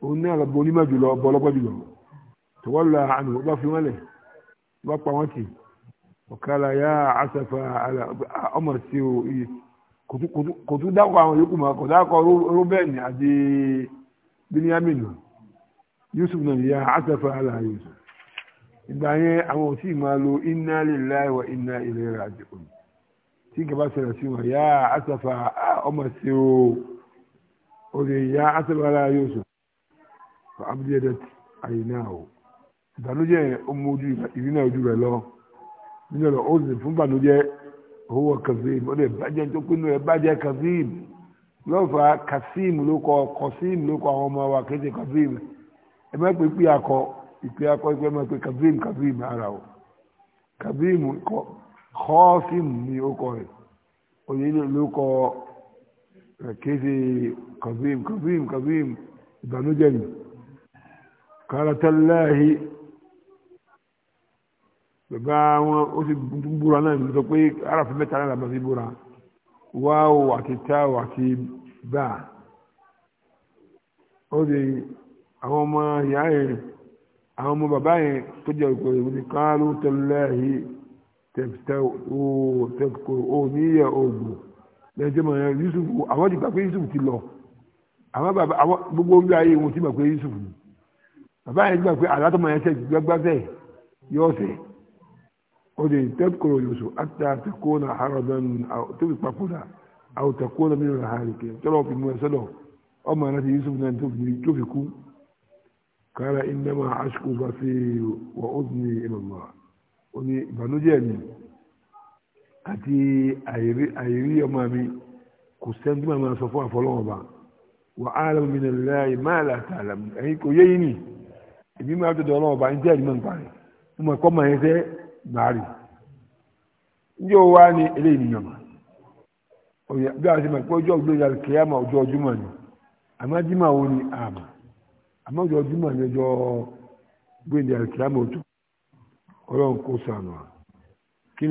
òun náà ọ̀kàlà yá àṣàfà ọmọ sí o kò tún dákọ̀ àwọn yòókù mọ́ kò dákọ̀ rúbẹ́ẹ̀nì àti bíníámìnì yusuf náà yá àṣàfà àlà yusuf ìgbà yẹn àwọn ò sì máa lo inna lillahi wa inna ilayhi raji'un tí gaba ṣẹlẹ̀ sí wọn yá àṣàfà ọmọ sí o òde yá àṣàfà àlà yusuf abdulayi ayinawo ìbànújẹ́ ọmọ ojú ìrìnà ojú rẹ lọ nínú ọ̀rọ̀ ọ̀sìn fún bànújẹ́ owó kazeem ó lè bàjẹ́ tó pinnu ẹ̀ bàjẹ́ kazeem lọ́fà kazeem ló kọ kazeem ló kọ àwọn ọmọ wa kéde kazeem ẹ má pè pé akọ ìpè akọ ìpè má pè kazeem kazeem ara o kazeem kọ kọ́ọ̀sìm ni ó kọ rẹ̀ òye ló kọ kéde kazeem kazeem kazeem ìbànújẹ́ ni kàràtàláhìí bàbá wọn ó sì búra náà ló sọ pé aráàfin mẹ́ta náà làbọ̀ sí búra wáwò àti táwò àti bá ó di àwọn ọmọ ìyá yẹn àwọn ọmọ bàbá yẹn tó jẹ́ òkú ìwé ni káàlù tẹ́lẹ̀ yìí tẹ̀kọ̀ òníyẹ ògùn lẹ́jọ́ mọ̀ yẹn Yusuf àwọn ti gbà pé Yusuf ti lọ àwọn bàbá àwọn gbogbo orí ayé wọn ti gbà pé Yusuf bàbá yẹn gbà pé àlátọ́mọ yẹn tẹ̀ gbẹ́gbẹ́ bẹ́ẹ̀ yọ ọ̀sẹ̀. ودي تذكر يوسف حتى تكون حرضا او تبقى قدا او تكون من الهالكين تلو في موسله اما نتي يوسف نان تفكو قال انما اشكو بصي واذني الى الله ودي بنوجيني ati ayiri ayiri ọmọ mi kò sẹ́ńtì máa ma sọ fún àfọlọ́wọ́n ba wà á lọ mi nà láàyè má là tà là mi ẹ̀yin kò yé yín ni èmi máa tẹ̀dọ̀ ọlọ́wọ́ ba maari ndị ụwa wá ènìyàn mà òyà bí a ṣe mọ̀ pé ndị ògbéga kìyàmà ọjọ́ ọjúmọ̀ ni wo ni àmà àmọ́ ọjọ́ ọjúmọ̀ ni ọjọ́ gbéga kìyàmà òtún ọlọ́run kó sànù à kí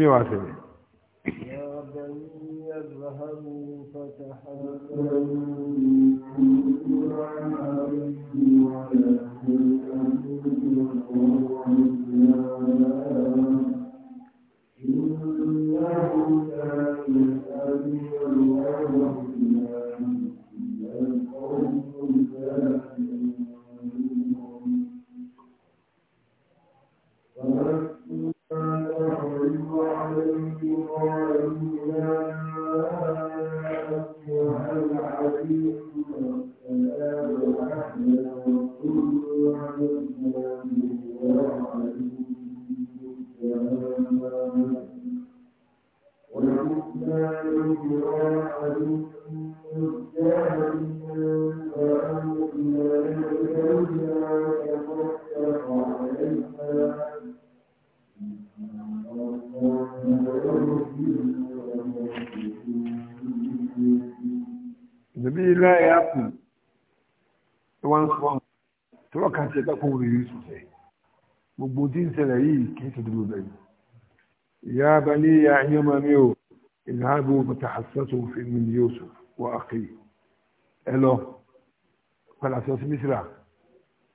ko wuri sosai gbogbo tí ń ṣẹlẹ̀ yìí kì í ṣètò gbogbo ẹ̀yìn ìyá abalẹ̀ ya ẹ̀yọ́ máa mi ò ìlàgbó bàtà àṣàṣọ òfin mi ni yóò sọ wọ́n àkè ẹ lọ padà sọ sí mísírà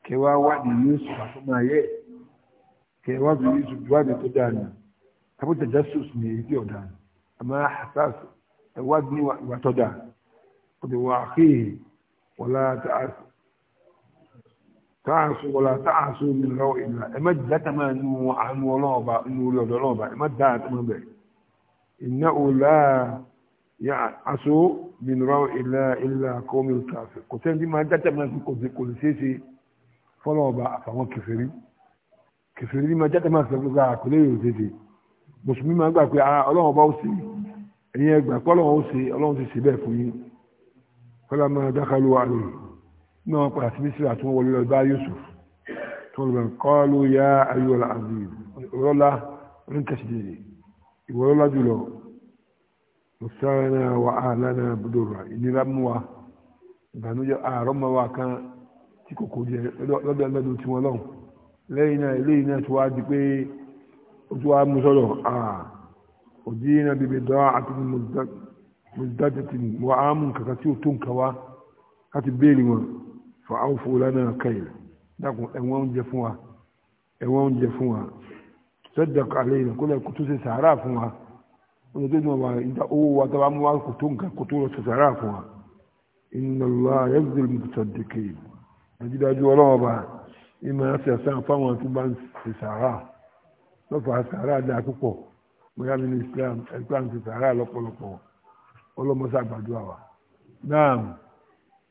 kẹwàá wádìí yóò sọ àtúmọ̀ ayé kẹwàá bí yóò sọ wádìí tó dáa ni àbútà jasus ni èyí tí ọ̀dà àmọ́ àṣàṣ ẹ̀wádìí wà tó dáa ó ti àkè wọ́n láta tààsù wọlá tààsù mi lọ́wọ́ ìlà ẹ má dáta máa nu àánú ọlọ́ọ̀bá nu orí ọ̀dọ̀ ọlọ́ọ̀bá ẹ má dáta máa bẹ̀. iná òlà yà aṣọ mi lọ́wọ́ ìlà ìlà kọ́mi kàfẹ́ kò sẹ́ni tí máa dáta máa fi kò sí kò sí ṣeéṣe fọlọ́ọ̀bá àfàwọn kẹfẹ́rí kẹfẹ́rí ni máa dáta máa fi kò kò lè yòó ṣeéṣe mùsùlùmí máa gbà pé ah, ọlọ́ọ̀bá ó ṣe ẹ̀yin ní wọn padà sí Mísírà tí wọ́n wọlé lọ bá Yusuf tí wọ́n lọ bẹ̀rẹ̀ kọ́ọ̀lù yá ayọ́lá azeez ọlọ́lá oníkẹsìdìrì ìwọ́lọ́lá jùlọ mùsàlánà wà áàlánà bùdòrà ìnira mú wa ìbànújẹ́ àárọ̀ mọ́ wa kan tí kò kò jẹ lọ́dọ̀ lọ́dọ̀ tí wọ́n lọ́hùn lẹ́yìn náà eléyìí á mú nǹkan kan tó nǹkan wá láti béèrè wọn fa awfu lana kayl dákun ẹ̀wọ̀n oúnjẹ fún wa ẹ̀wọ̀n oúnjẹ fún wa sọ́jà alẹ́ yìí kó lè kó tó ṣe sàárà fún wa wọ́n tó dùn wá ìdá owó wa tó bá mú wa kó tó nǹkan kó tó lọ ṣe sàárà fún wa inna Allaha yaghfir mutasaddiqin àjídájú ọlọ́wọ́ bá ìmọ̀ àti ẹ̀sán fáwọn tó bá ń ṣe sàárà lọ́fà sàárà dáa púpọ̀ bóyá nínú Islam ẹ̀gbọ́n ṣe sàárà lọ́pọ̀lọpọ̀ ọlọ́mọṣàgbàdo àwà náà.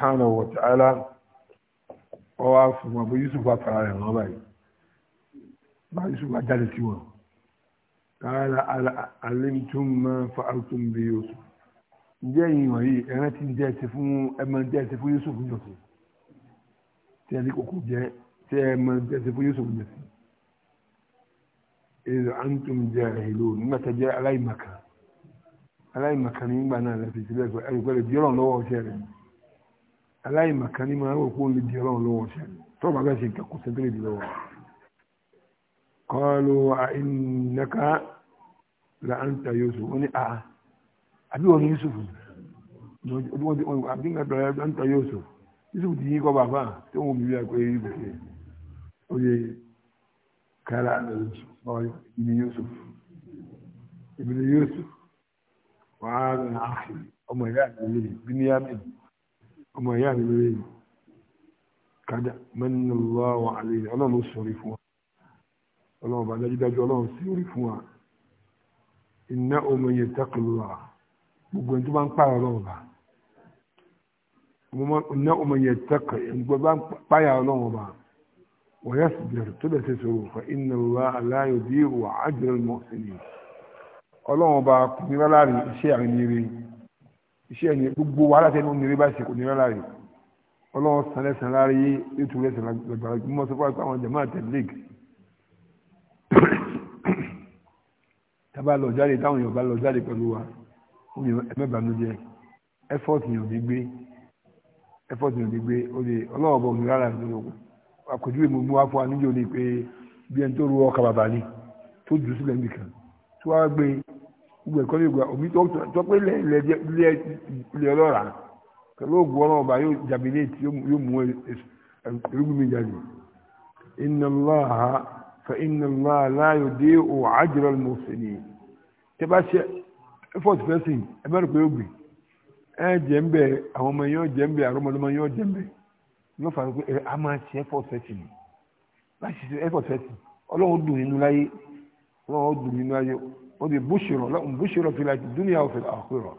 subhanahu wa ta'ala wọ́n wá fún wọn bó yusuf wá fara rẹ̀ wọ́n báyìí bá yusuf wá jáde sí wọn káàlà alimtum ma fa'altum bi yusuf ǹjẹ́ yìí wọ̀nyí ẹran ti ń jẹ́ ẹsẹ̀ fún ẹmọ ń jẹ́ ẹsẹ̀ fún yusuf ń jọ̀sìn tí ẹni kòkó jẹ́ tí ẹmọ ń jẹ́ ẹsẹ̀ fún yusuf ń jọ̀sìn إذ أنتم جاهلون متى جاء علي مكان علي مكان يبقى أنا في سبيلك أقول لك يرون لو هو شارع aláìmọ̀kan ní máa ń rò pé ó lè di ọlọ́run lọ́wọ́ ṣe tó bá bẹ́ẹ̀ ṣe nǹkan kò sí tó lè di lọ́wọ́ kọ́ọ̀lù àìnàká la ń ta Yusuf ó ní a àbí wọn ní Yusuf àbí nǹkan tó la ń ta Yusuf Yusuf ti yí kọ́ bàbá tó ń wò mí bí i àpò kò ṣe ó yẹ kára ìbí Yusuf ìbí Yusuf wàá rìn àṣì ọmọ ìyá àti ìlú ọmọ ìyá mi lórí yìí kádà mẹ́nà lọ́wọ́ àlè ọlọ́run ló sọ̀rí fún wa ọlọ́run bá dájúdájú ọlọ́run sí orí fún wa iná ọmọ yẹn tẹ́kọ̀lọ́wà gbogbo ẹni tó bá ń pààyà ọlọ́run bá iná ọmọ yẹn tẹ́kọ̀ ẹni tó bá ń pààyà ọlọ́run bá wọ́n yẹ sùgbẹ́rù tó bẹ̀ ṣe sọ̀rọ̀ fún iná lọ́wọ́ aláyọ̀ wà á jẹ́ ọlọ́run bá kùnrin iṣẹ́ yẹn gbogbo wàhálà tẹ́ ní onírè bá ṣe kò ní rárá rè ọlọ́wọ́ sanlẹ̀ san lára yé ètò rẹ̀ sàn lágbára bí mo sọ fún àwọn jama tẹ̀lẹ́gì tábà lọ jáde táwọn èèyàn bá lọ jáde pẹ̀lú wa ó yàn ẹ̀mẹ́bànújẹ́ effort yàn ní gbé effort yàn ní gbé ó lè ọlọ́wọ́ bọ̀ ní rárá rè lọ́wọ́ àpèjúwe mo mú wá fún wa níjó ni pé bí ẹni tó ru ọkà bàbá ni tó jù sílẹ̀ nìkan tí wàá gbé gbogbo ẹ̀kọ́ ní ìgbà omi tó pé ilé ọlọ́ra pẹ̀lú ògùn ọlọ́run ọba yóò jàbílẹ̀ tí yóò mú irúgbìn mi jáde. inna Allaha fa inna Allaha la yudi'u ajra al-muhsinin tẹ bá ṣe effort person ẹ bá rò pé ó gbìn ẹ jẹ́ ń bẹ̀ àwọn ọmọ yóò jẹ́ ń bẹ̀ àwọn ọmọdé yóò jẹ́ ń bẹ̀ yóò fà pé a máa ṣe effort person láti ṣe effort person ọlọ́run dùn nínú láyé ọlọ́run dùn nínú láyé ó di búṣirọ lọ́hùn búṣirọ fi láti dúnìyà òfin àkúrọ̀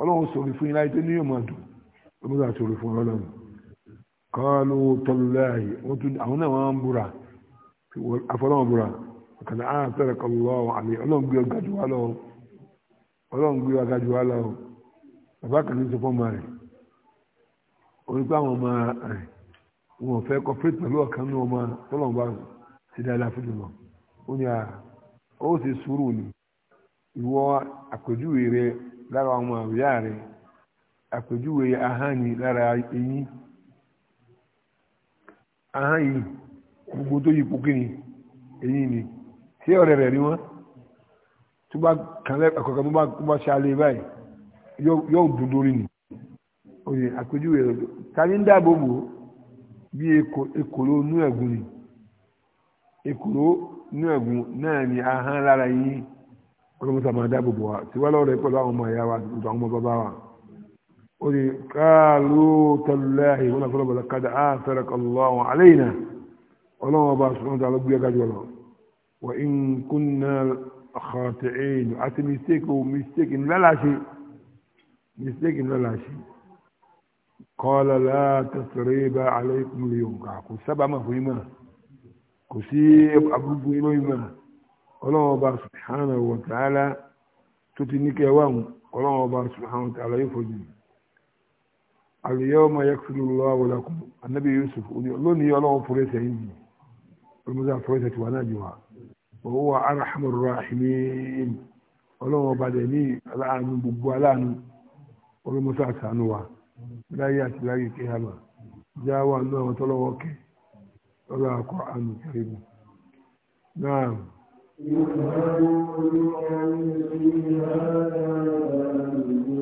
ọlọ́run sọ̀rọ̀ fún yín láyé tó ní yóò máa dùn ó mú sàtòrò fún ọlọ́run kọ́ọ̀lù tọ́lùláyè wọ́n tún àwọn náà wọ́n ń búra afọlọ́wọ́n búra kàdà á sẹ́rẹ̀ kọ́ lọ́wọ́ àmì ọlọ́run gbé ọgá jù wá lọ ọlọ́run gbé ọgá jù wá lọ bàbá kan ní sọ fún ọmọ rẹ̀ orí pé àwọn ọmọ rẹ̀ wọn fẹ́ kọ́ pé pẹ̀lú ọ̀kan ní ọmọ tọ́lọ́run ó sì sùúrù ni ìwọ àpèjúwe rẹ lára ọmọ àwíyá rẹ àpèjúwe ahányi lára aha ahányi gbogbo tó yípo kí eyi ni ṣé ọ̀rẹ́ rẹ̀ ni wọ́n tó bá kàn lẹ́ tó bá tó bá báyìí yóò dúdú rí ni rẹ ń dáàbò bò bí ekòló nú ni ekòló nú ọlọ́mọta máa dáàbò bò wá tí wá lọ́rẹ̀ pẹ̀lú àwọn ọmọ ìyá wa àti àwọn ọmọ bàbá wa ó di káàlù tàlùláhì wọn àfọlọ́ bàlá kadà á fẹ́rẹ̀ kọlọ́ àwọn àlẹ́yìnà ọlọ́mọ bá sọ́nà tàà lọ́gbé ẹ̀ka jùlọ wà ń kúnná àkàtẹ̀ ẹ̀yìn àti mistake o mistake ńlá láṣẹ mistake ńlá láṣẹ kọ́lá láti sọ̀rọ̀ bá àlẹ́ ìkúnlẹ̀ yòǹkà kò sábà máa fún yín mọ́ kò sí àbúrú fún yín lóyún mọ́ ọlọ́run ọba subhanahu wa ta'ala tó ti ní kẹwàá ọlọ́run ọba subhanahu wa ta'ala yóò fojú mi àlùyọ́mọ yẹ́kùsùlùlọ́ àwọlẹ́kùn anábì yusuf lónìí ọlọ́run fúrẹ́sẹ̀ yìí olùmọ́sá fúrẹ́sẹ̀ tiwa náà jù wá òun wà arahamur rahimin ọlọ́run ọba dẹ̀ ní aláàánú gbogbo aláàánú olùmọ́sá àtàánú wa láyé àti láyé kéhàmà já wà náà tọ́lọ́wọ́ kẹ́ ọlọ́run àkọ́ àánú kẹrìbù náà. يشهد أن لا إله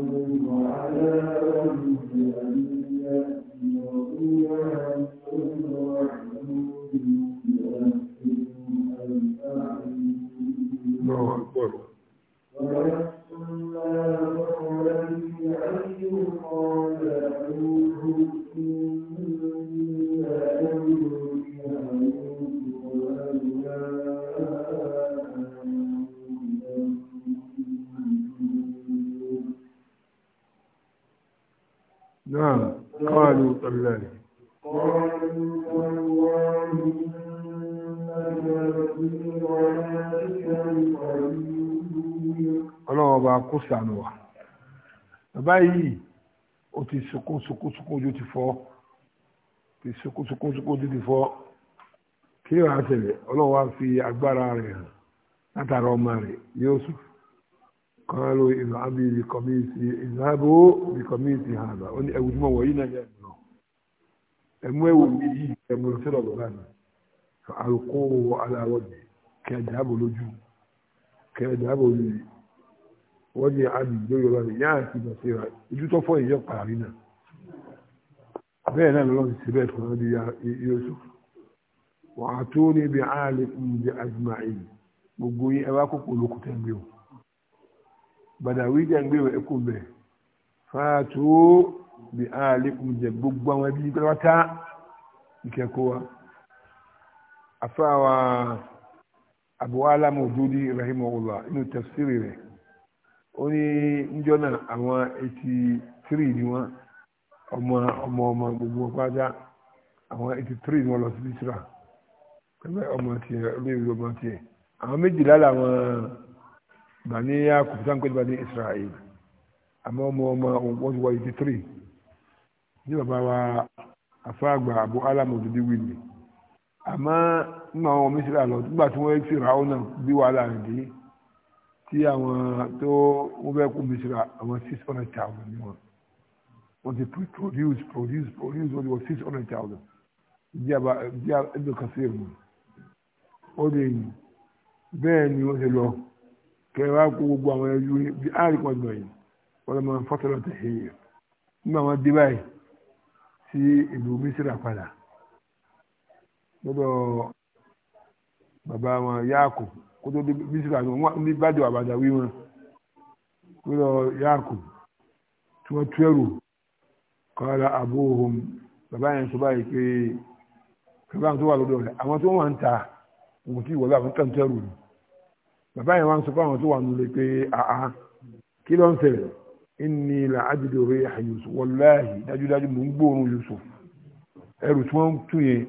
kó sànù wa bàbá yìí ó ti sunkún sunkún sunkún ojú ti fọ́ ti sunkún sunkún sunkún ojú ti fọ́ kí ló wá ṣẹlẹ̀ ọlọ́wọ́ á fi agbára rẹ̀ hàn látara ọmọ rẹ̀ yóò sùn kan ló ìlú àbí ìkọ̀míìsì ìzáàbò ìkọ̀míìsì hàdà ó ní ẹwù tí mo wọ̀ yìí náà yẹ ẹ̀mú ẹ̀mú ẹ̀wù mi yìí ẹ̀mú lọ sílọ̀ bàbá mi àlùkò aláwọ̀ kẹ̀ẹ́dàbò lójú kẹ̀ẹ́dàbò lójú wọ́n ní àdìgbò yorùbá ní yáà ti bọ̀ sí ra ojú tó fọ́ ìyọ́ pàrí náà bẹ́ẹ̀ náà lọ́wọ́ ti síbẹ̀ fún ọdún Yusuf wọ́n á tó ní ibi àálẹ́ ìdí àjùmọ̀ àyè gbogbo yẹn ẹwà kókò lókù tẹ̀ o bàdàwí jẹ́ ń gbé o ẹkú bẹ̀ fàtó ìdí gbogbo àwọn ẹbí yìí pẹ́lẹ́wátá ìkẹ́kọ̀ọ́ wa afáwa àbúwálá mọ̀ọ́dúnrún rahimahullah inú tafsiri rẹ̀. ó ní níjọ́ náà àwọn ni ọma ọmọ ọmọ gbogbo pátá awa eti ni wọ́n lọ sí bísírà pẹ̀lú ọmọ tiẹ̀ olóyè ọmọ awa àwọn méjìlá làwọn bani yaakub sanko bani israel àmọ́ ọmọ ọmọ wọn ti wọ eighty three ní wa afáàgbà àbú alámọ̀dúdú ra na ebi tí àwọn tó wọ́n bẹ́ẹ̀ kú misira àwọn six hundred thousand ni wọ́n wọ́n ti produce produce produce wọ́n ti wọ six hundred thousand ìjàmbá ìjàmbá ẹgbẹ́ kan sí èmi ó lè yìn bẹ́ẹ̀ ni wọ́n ti lọ kẹwàá kó gbogbo àwọn ẹlú bí àárín kan gbọ̀n yìí wọ́n lọ máa fọ́tọ̀ lọ́tẹ̀ ẹ̀yẹ nígbà wọn dé báyìí sí ìlú misira padà lọ́dọ̀ bàbá wọn Yakubu kó tó di bísíkà ní bàjọ àbàdà wí wọn kó lọ yaakù tí wọ́n tú ẹrù kọ́ra àbúhùn bàbá yẹn sọ báyìí pé bàbá yẹn tó wà lọ́dọ̀ rẹ̀ àwọn tó wà ń ta òun tí ìwọlé àwọn tó ń tẹrù ni bàbá yẹn wá ń sọ fún àwọn tó wà nílé pé àá kí ló ń ṣẹlẹ̀ inni la ajidu riha yusuf wallahi dájúdájú mò ń gbóòórùn yusuf ẹrù tí wọ́n tún yẹn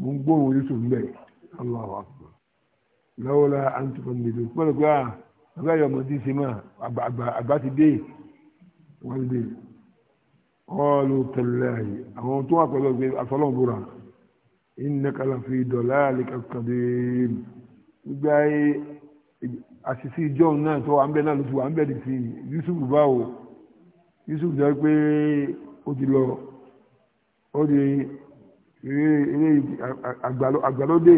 mò ń gbóòórùn yusuf ń bẹ Allahu akbar lọ́wọ́lá àǹtọ̀fọ̀mìlì pẹ̀lú pé àgbà yọ ọmọdé ṣe máa àgbà ti dé wọ́n dé ọlù tẹ̀lẹ̀ ayé àwọn tó wà pẹ̀lú pé àfọlọ́bùrà ìnẹ́kàlà fi dọ̀lá àlìkàkàdé gbígbá àṣìṣe john náà tó wà ń bẹ náà ló ti wà ń bẹ dìtì yusuf báwo yusuf jẹ́ pé ó ti lọ ó di eré àgbàlódé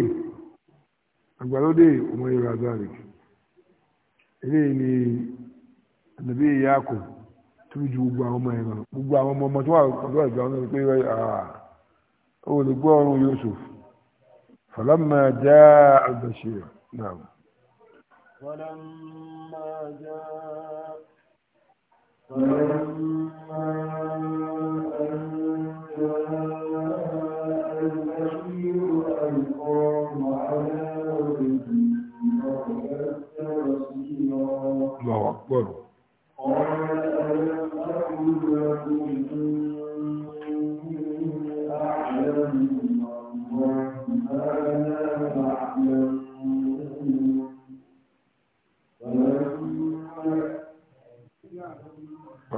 àgbàlódé ọmọ yorùbá zalik eléyìí ni ànàbí yaako tó ju gbogbo àwọn ọmọ yẹn lọ gbogbo àwọn ọmọ tó wà lọ́dọ̀ àgbà wọn pé ah, ó lè gbọ́ ọrùn Yusuf falamma jaa al-bashir naam. falamma jaa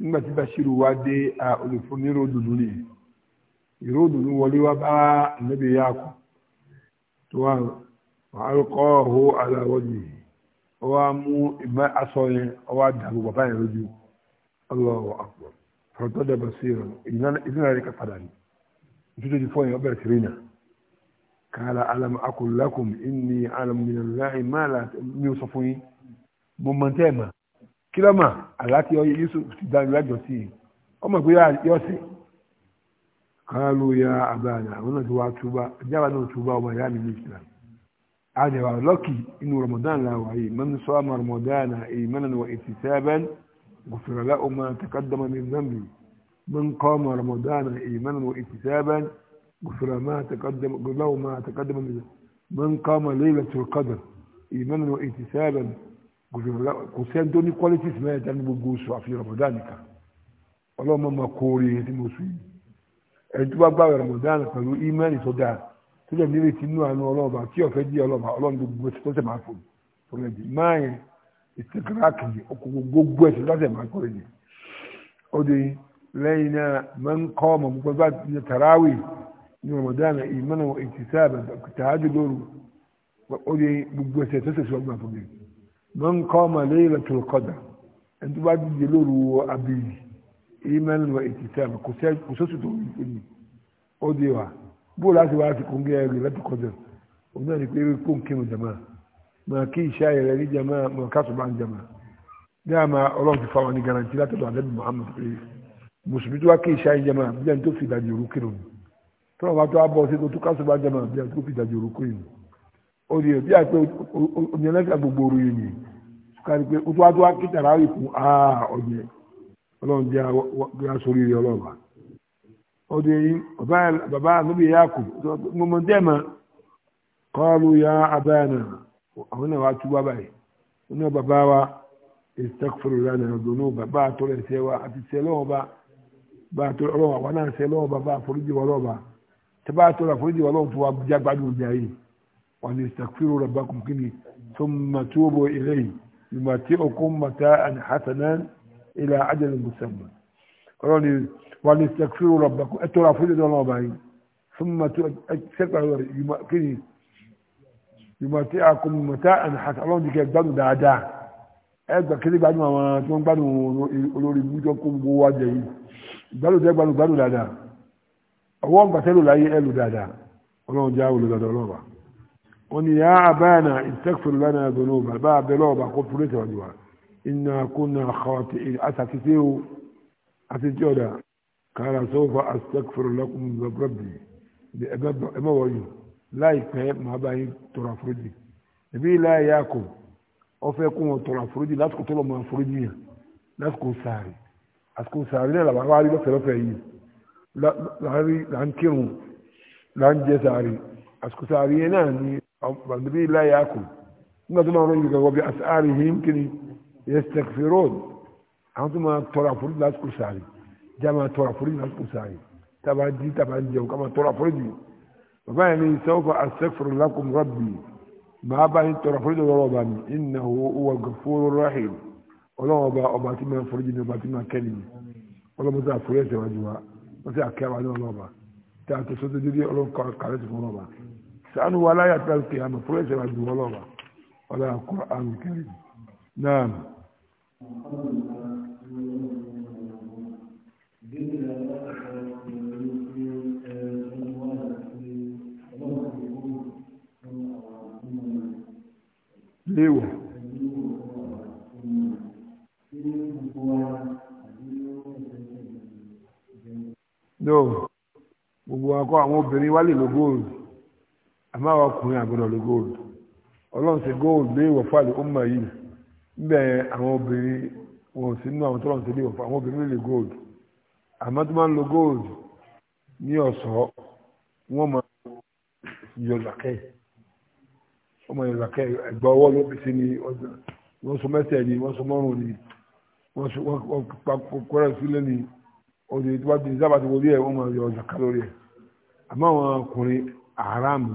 nígbà tí Bashiru wá dé olùfún ní ròdùnú ni ìròdùnú wọlé wá bá Ànábì Yakub tó wà alukọ́ọ̀hó aláwọ̀dì ó wá mú ìmọ̀ aṣọ yẹn ó wá dàbò bàbá yẹn lójú Allahu akbar fọ̀tọ́ dẹ̀bọ̀ sí ìrọ̀ ìdínà rẹ̀ kàpadà ní títí di fọ́yìn ọbẹ̀ sí rìnà kààlà alam akul lakum inni alam min Allahi máa mi ò sọ fún yín mo mọ̀ tẹ́ ẹ̀ máa kílọ́mà àláti ọyẹ yusuf ti dá ìlàjọ sí i ọmọ ìgbéyà yọsí kálù ya abáàdà àwọn náà ti wá túbá ìjábá náà túbá ọmọ ìyá mi ní islam àdàwà lọ́kì inú ramadan làwà yìí mọ́n sọ àmà ramadan imanan wa ihtisaban ghufira lahu ma taqaddama min dhanbi mọ́n kọ́ àmà ramadan imanan wa ihtisaban ghufira lahu ma taqaddama min dhanbi mọ́n kọ́ àmà laylatul qadr imanan wa ihtisaban kò sẹ́ni tó ní qualities mẹ́ta ní gbogbo oṣù àfihàn ramadan nìkan ọlọ́mọ máa kóore ní mo sùn yìí ẹni tó bá gbà wẹ̀ ramadan pẹ̀lú ímẹ́ẹ̀lì tó dáa tó dẹ̀ nílé tí inú àánú ọlọ́ọ̀bà tí ọ̀fẹ́ jí ọlọ́ọ̀bà ọlọ́run gbogbo ẹ̀sìn tó tẹ̀ máa fò fún ẹ̀jẹ̀ máyẹn ìtẹ̀kẹ́ráàkì ọkọ̀ gbogbo ẹ̀sìn tó tẹ̀ máa kọ́ ẹ̀jẹ̀ ó di lẹ́yìn náà máa ń kọ́ ọmọ púpọ̀ bá ti yẹ tàràwì ní ramadan ìmọ̀nà ìtìsáàbà tààjú lóru ó من قام ليلة القدر أنت بعد جلور وأبي إيمان وإتسام كسوسة إني أوديوا بولا سوا تكون كونجيا ليلة القدر ونا نقول يكون كم جماعة ما كي شاي لي جماعة ما كسب عن جماعة جماعة الله تفاوضني جرانتي لا تدعو النبي محمد mùsùlùmí tó wá kí ìṣá ìjẹmọ àbíyá tó fi ìdajì òru kírun tó wà tó wá bọ sí tó kásùbà jẹmọ àbíyá tó fi ìdajì òru orí ẹ̀ bí àpẹ omi ẹlẹ́fẹ̀ gbogbo orí yìí ni sukari pé ó tó wá tó wá kí tàrà rí fún áà ọ̀jẹ̀ ọlọ́run jẹ́ bí a sórí rẹ̀ ọlọ́ọ̀bà ó dé bàbá àlóbi ẹ̀yà kù gbogbo tẹ́ mọ́ kọ́ọ̀lù ya abáyànà àwọn náà wá tú wá báyìí wọn náà bàbá wa ìsẹ́kùfẹ́rù rẹ̀ nà ọ̀dọ́ náà bàbá àtọ́rẹ̀ ẹ̀sẹ̀ wa àti sẹ́ lọ́wọ́ba bá àtọ́rẹ̀ ọlọ́wọ́ àwọn náà sẹ́ lọ́wọ́ bàbá àforíjì wọ́lọ́ọ̀bà tẹ́ bá àtọ́rẹ̀ àforíjì wọ́lọ́ọ̀ fún wa jágbádùn ìjà yìí wọ́n istaghfiru rabbakum kí ni thumma tubu ilayhi yumati'ukum mata'an hasanan ila ajalin musamma ọlọ́run ni wọ́n istaghfiru rabbakum ẹ tọrọ àfojúdé ọlọ́run báyìí thumma tó ẹ sẹ́kọ̀ọ́ kí ni yumati'ukum mata'an hasanan ọlọ́run ti kẹ́ gbádùn dáadáa kiri gbádùn àwọn tí wọ́n gbádùn olórí gbújọ kó gbogbo wa jẹ yìí tẹ gbádùn gbádùn dáadáa ọwọ́ ń gbàtẹ́lò láyé ẹlò dáadáa ọlọ́run já olùdàdà ọlọ́run wa. وني يا أبانا استغفر لنا ذنوبنا با بلوبا قفلت ونوا إنا كنا خاطئين أتكتيو أتجودا قال سوف أستغفر لكم ذنب ربي بأباب أموي لا يكفي ما باين ترى فرجي نبي لا ياكل أوفيكم ترى فرجي لا تقتلوا ما فرجي لا تكون ساري أتكون ساري لا لا ما لا تلفعي لا لا لا لا لا لا لا لا لا لا لا لا لا لا bàbí láyé àkùn nígbà tó máa rọ́jò kankan bí asáárì yìí kiri yẹsẹkfirón àwọn tó máa tọrọ àforíjì lásìkò sàárì já máa tọrọ àforíjì lásìkò sàárì tábà jí tábà jẹun ká máa tọrọ àforíjì bàbá yẹn ní sọ́kọ̀ asẹ́kfirò lakum rabbi màá bá yín tọrọ àforíjì lọ́wọ́ bá mi innahu huwa gafuru rahim ọlọ́wọ́ bá ọba tí máa foríjì ní ọba tí máa kẹ́ni ọlọ́wọ́ sọ àforíjì ẹ̀sẹ̀ wájú wa wọ́n sì àkẹ́wà ní ọlọ́wọ́ bá tí a tó sọ́dọ̀ dédé ọlọ́wọ́ kàrẹ́sì fún ọlọ́wọ́ bá sànù wà láyà tó kì àmà fúlẹ̀ ìṣẹ̀lẹ̀ àti wọ́n lọ́wọ́ ọ̀là Al-Qur'an Karim náà. léèwọ̀. no gbogbo akọ àwọn obìnrin wálé lógóòrùn àmọ́ àwọn ọkùnrin àgbọ̀dọ̀ lè gold ọlọ́run ṣe gold lé ìwọ̀fà lè ọmọ yìí níbẹ̀ àwọn obìnrin wọn ò sí nínú àwọn tọ́lọ́run ṣe lé ìwọ̀fà àwọn obìnrin lè gold àmọ́ tó máa ń lo gold ní ọ̀sọ́ wọ́n máa yọ wọ́n máa yọ làkẹ́ ọwọ́ ló fi sí ni wọ́n so mẹ́sẹ̀ ni wọ́n so mọ́rùn ni wọ́n pa kọ́rẹ́ sílẹ̀ ni ọ̀dọ̀ ìtúwájú ìjábàtì wọlé ẹ̀ wọ́n máa yọ làkẹ́ lórí ẹ̀ àmọ́ àwọn ọkùnrin àràmù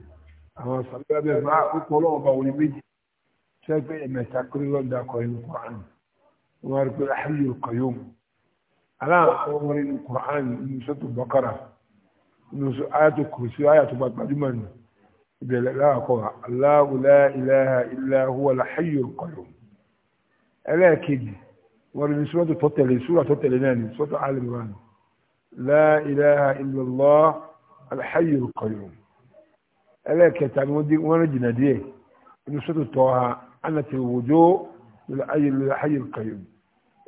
àwọn sàbẹ̀ abẹ́ máa kókó ọlọ́wọ́ bá wọlé méjì sẹ́gbẹ́ ẹ̀mẹ́ta kúrò lọ́dà kọ́ inú Qur'an wọ́n rí pé al-hayyul qayyum aláàkọ́ wọn inú Qur'an inú sọ́tò Baqara inú sọ ayàtò kùrùsí ayàtò gbajúmọ̀ ni ìbẹ̀rẹ̀ láàkọ́ Allahu la ilaha illa huwa al-hayyul wọ́n rí ní sọ́tò tọ́tẹ̀lẹ̀ Allah al qayyum ẹlẹ́ẹ̀kẹta ni wọ́n rẹ̀ jìnà díẹ̀ inú sọ́tò tọ́ ha ánàtì òwòjó lọ́la ayé lọ́la ayé kàyọ̀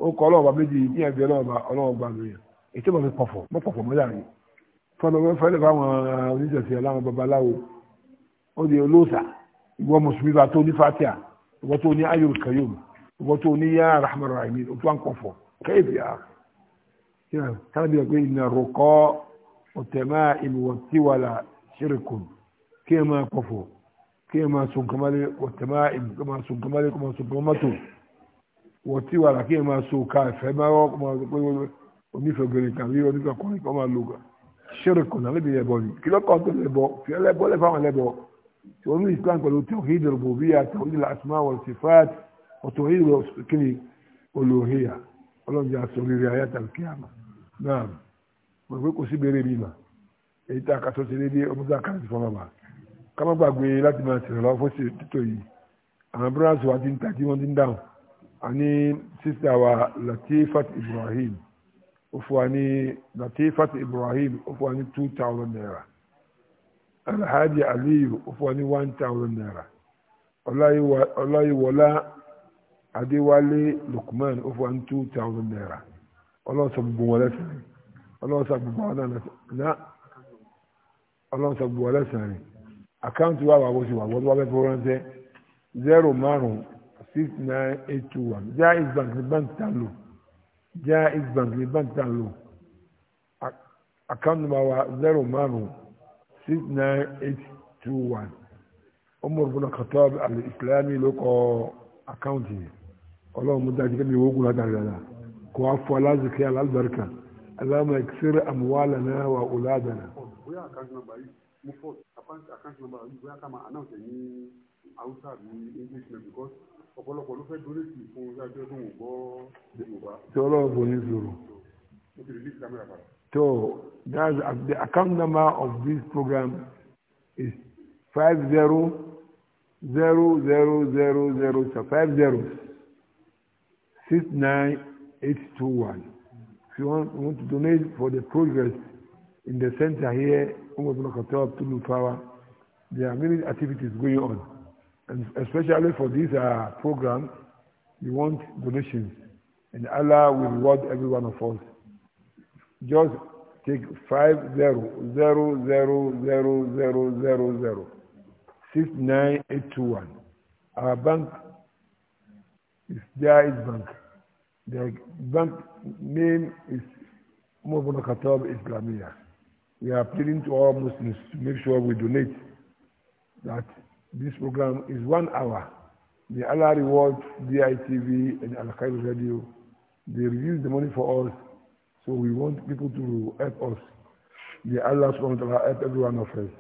ó kọ́ ọlọ́ọ̀bà méjì ní ẹ̀bí ọlọ́ọ̀bà ọlọ́ọ̀gbà lóyè ètò ìbọn mi pọ̀fọ̀ mọ́ pọ̀fọ̀ mọ́ dàrí fọlọ́ wọn fẹ́lẹ̀ fáwọn oníṣẹ̀ṣẹ̀ aláwọn babaláwo ó di olóòṣà ìwọ mùsùlùmí bá tó ní fatia ìwọ tó ní ayé kàyọ̀ ìwọ tó ní yá rahman rahim ó tó à ń pọ̀fọ̀ kẹ́ẹ̀fì à tábìlì pé ìnà rọ̀kọ́ ọ̀tẹ̀má ìmùwọ̀tíwàlà ṣírìkùn kí ẹ máa pọ̀fọ̀ kí ẹ máa sun kamale wọ̀tẹ̀ máa ìmù kí ẹ máa sun kamale kí ẹ máa sun kamale mọ́tò wọ̀tí wàrà kí ẹ máa so ká ẹ̀fẹ́ máa wọ́ kí ẹ máa pé onífẹ́ obìnrin kan rí onífẹ́ ọkùnrin kan máa lo ṣẹ́rẹ̀ kùnà níbi ẹ̀bọ ni kí lọ́kọ̀ tó lẹ́bọ fi ẹlẹ́bọ lẹ́fàwọn ẹlẹ́bọ tí wọ́n ní Islam pẹ̀lú Kama má gbàgbé láti máa sìrìn lọ́wọ́ fún títò yìí àwọn brothers wa ti ń ta tí wọ́n ti ń dáhùn a ní sísè àwa Latifat Ibrahim ó fún wa ní Latifat Ibrahim ó fún wa ní two thousand naira Alhaji Aliyu ó fún wa ní one thousand naira Ọláyíwọlá Adéwálé Lukman ó fún wa ní two thousand naira ọlọ́sọ gbogbo wọn lẹ́sìn ọlọ́sọ gbogbo wọn lẹ́sìn ọlọ́sọ gbogbo wọn lẹ́sìn àkáǹtì wa wà bó ṣe wà wọ́n tó wá fẹ́ fọ́ zero márùn six nine eight two one Jaiz Bank ní báńkì tá ń lò Jaiz Bank ní báńkì tá ń lò àkáǹtì wa zero márùn six nine eight two one Umar bin Khattab al-Islami ló kọ àkáǹtì yẹn ọlọ́run mú dájú kẹ́mi ìwé ogun látàrí dáadáa kó wá fọ aláàzìkẹ́ alábàríkà aláàmà ìkísẹ́rẹ́ àmúwálẹ̀ náà wà ó láàdàna mo fọ àkáǹtì nọ́mbà yìí bóyá ká máa announce ní haúsá àbí english náà because ọ̀pọ̀lọpọ̀ ló fẹ́ donate fún ọjọ́ ajé tó ń gbọ́ yorùbá. tí ọlọ́run kò ní zoro. mo ti release camera padà. so that's uh, the account number of this program is five zero zero zero zero zero five zero six nine eight two one. If you want, want to donate for the progress in the center here Umar bin Khattab to look power. There are many activities going on. And especially for this uh, program, we want donations. And Allah will reward every one of us. Just take five zero zero zero zero zero zero zero six nine eight two one. Our bank is Jaiz Bank. The bank name is Mubun Khatab Islamiyah we are pleading to all Muslims to make sure we donate that this program is one hour. The Allah reward DITV and Al Khair Radio. They release the money for us, so we want people to help us. The Allah subhanahu wa ta'ala help everyone of us.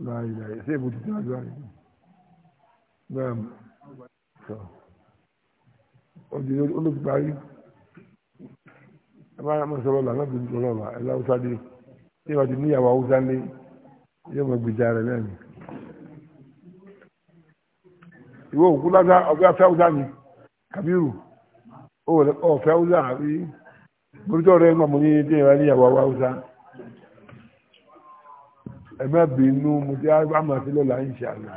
La ilaha illa. Say Buddha Jai. Naam. So. Olùdarí. Ẹ máa ń sọ̀rọ̀ lọ́la, ẹ máa ń sọ̀rọ̀ lọ́la, ẹ láwùsá dé tí wọ́n ti níyàwó haúsá lé yóò mọ̀ gbèjà rẹ̀ lẹ́nu. ìwọ òkú lásán ọ̀gbẹ́ afẹ́ haúsá ni Kabiru ọ̀fẹ́ haúsá àbí borítọ́ rẹ̀ ń gbà mọ́ ní ilé ìwà níyàwó haúsá. ẹ mo ti á máa fi lọ́la ń ṣe àná.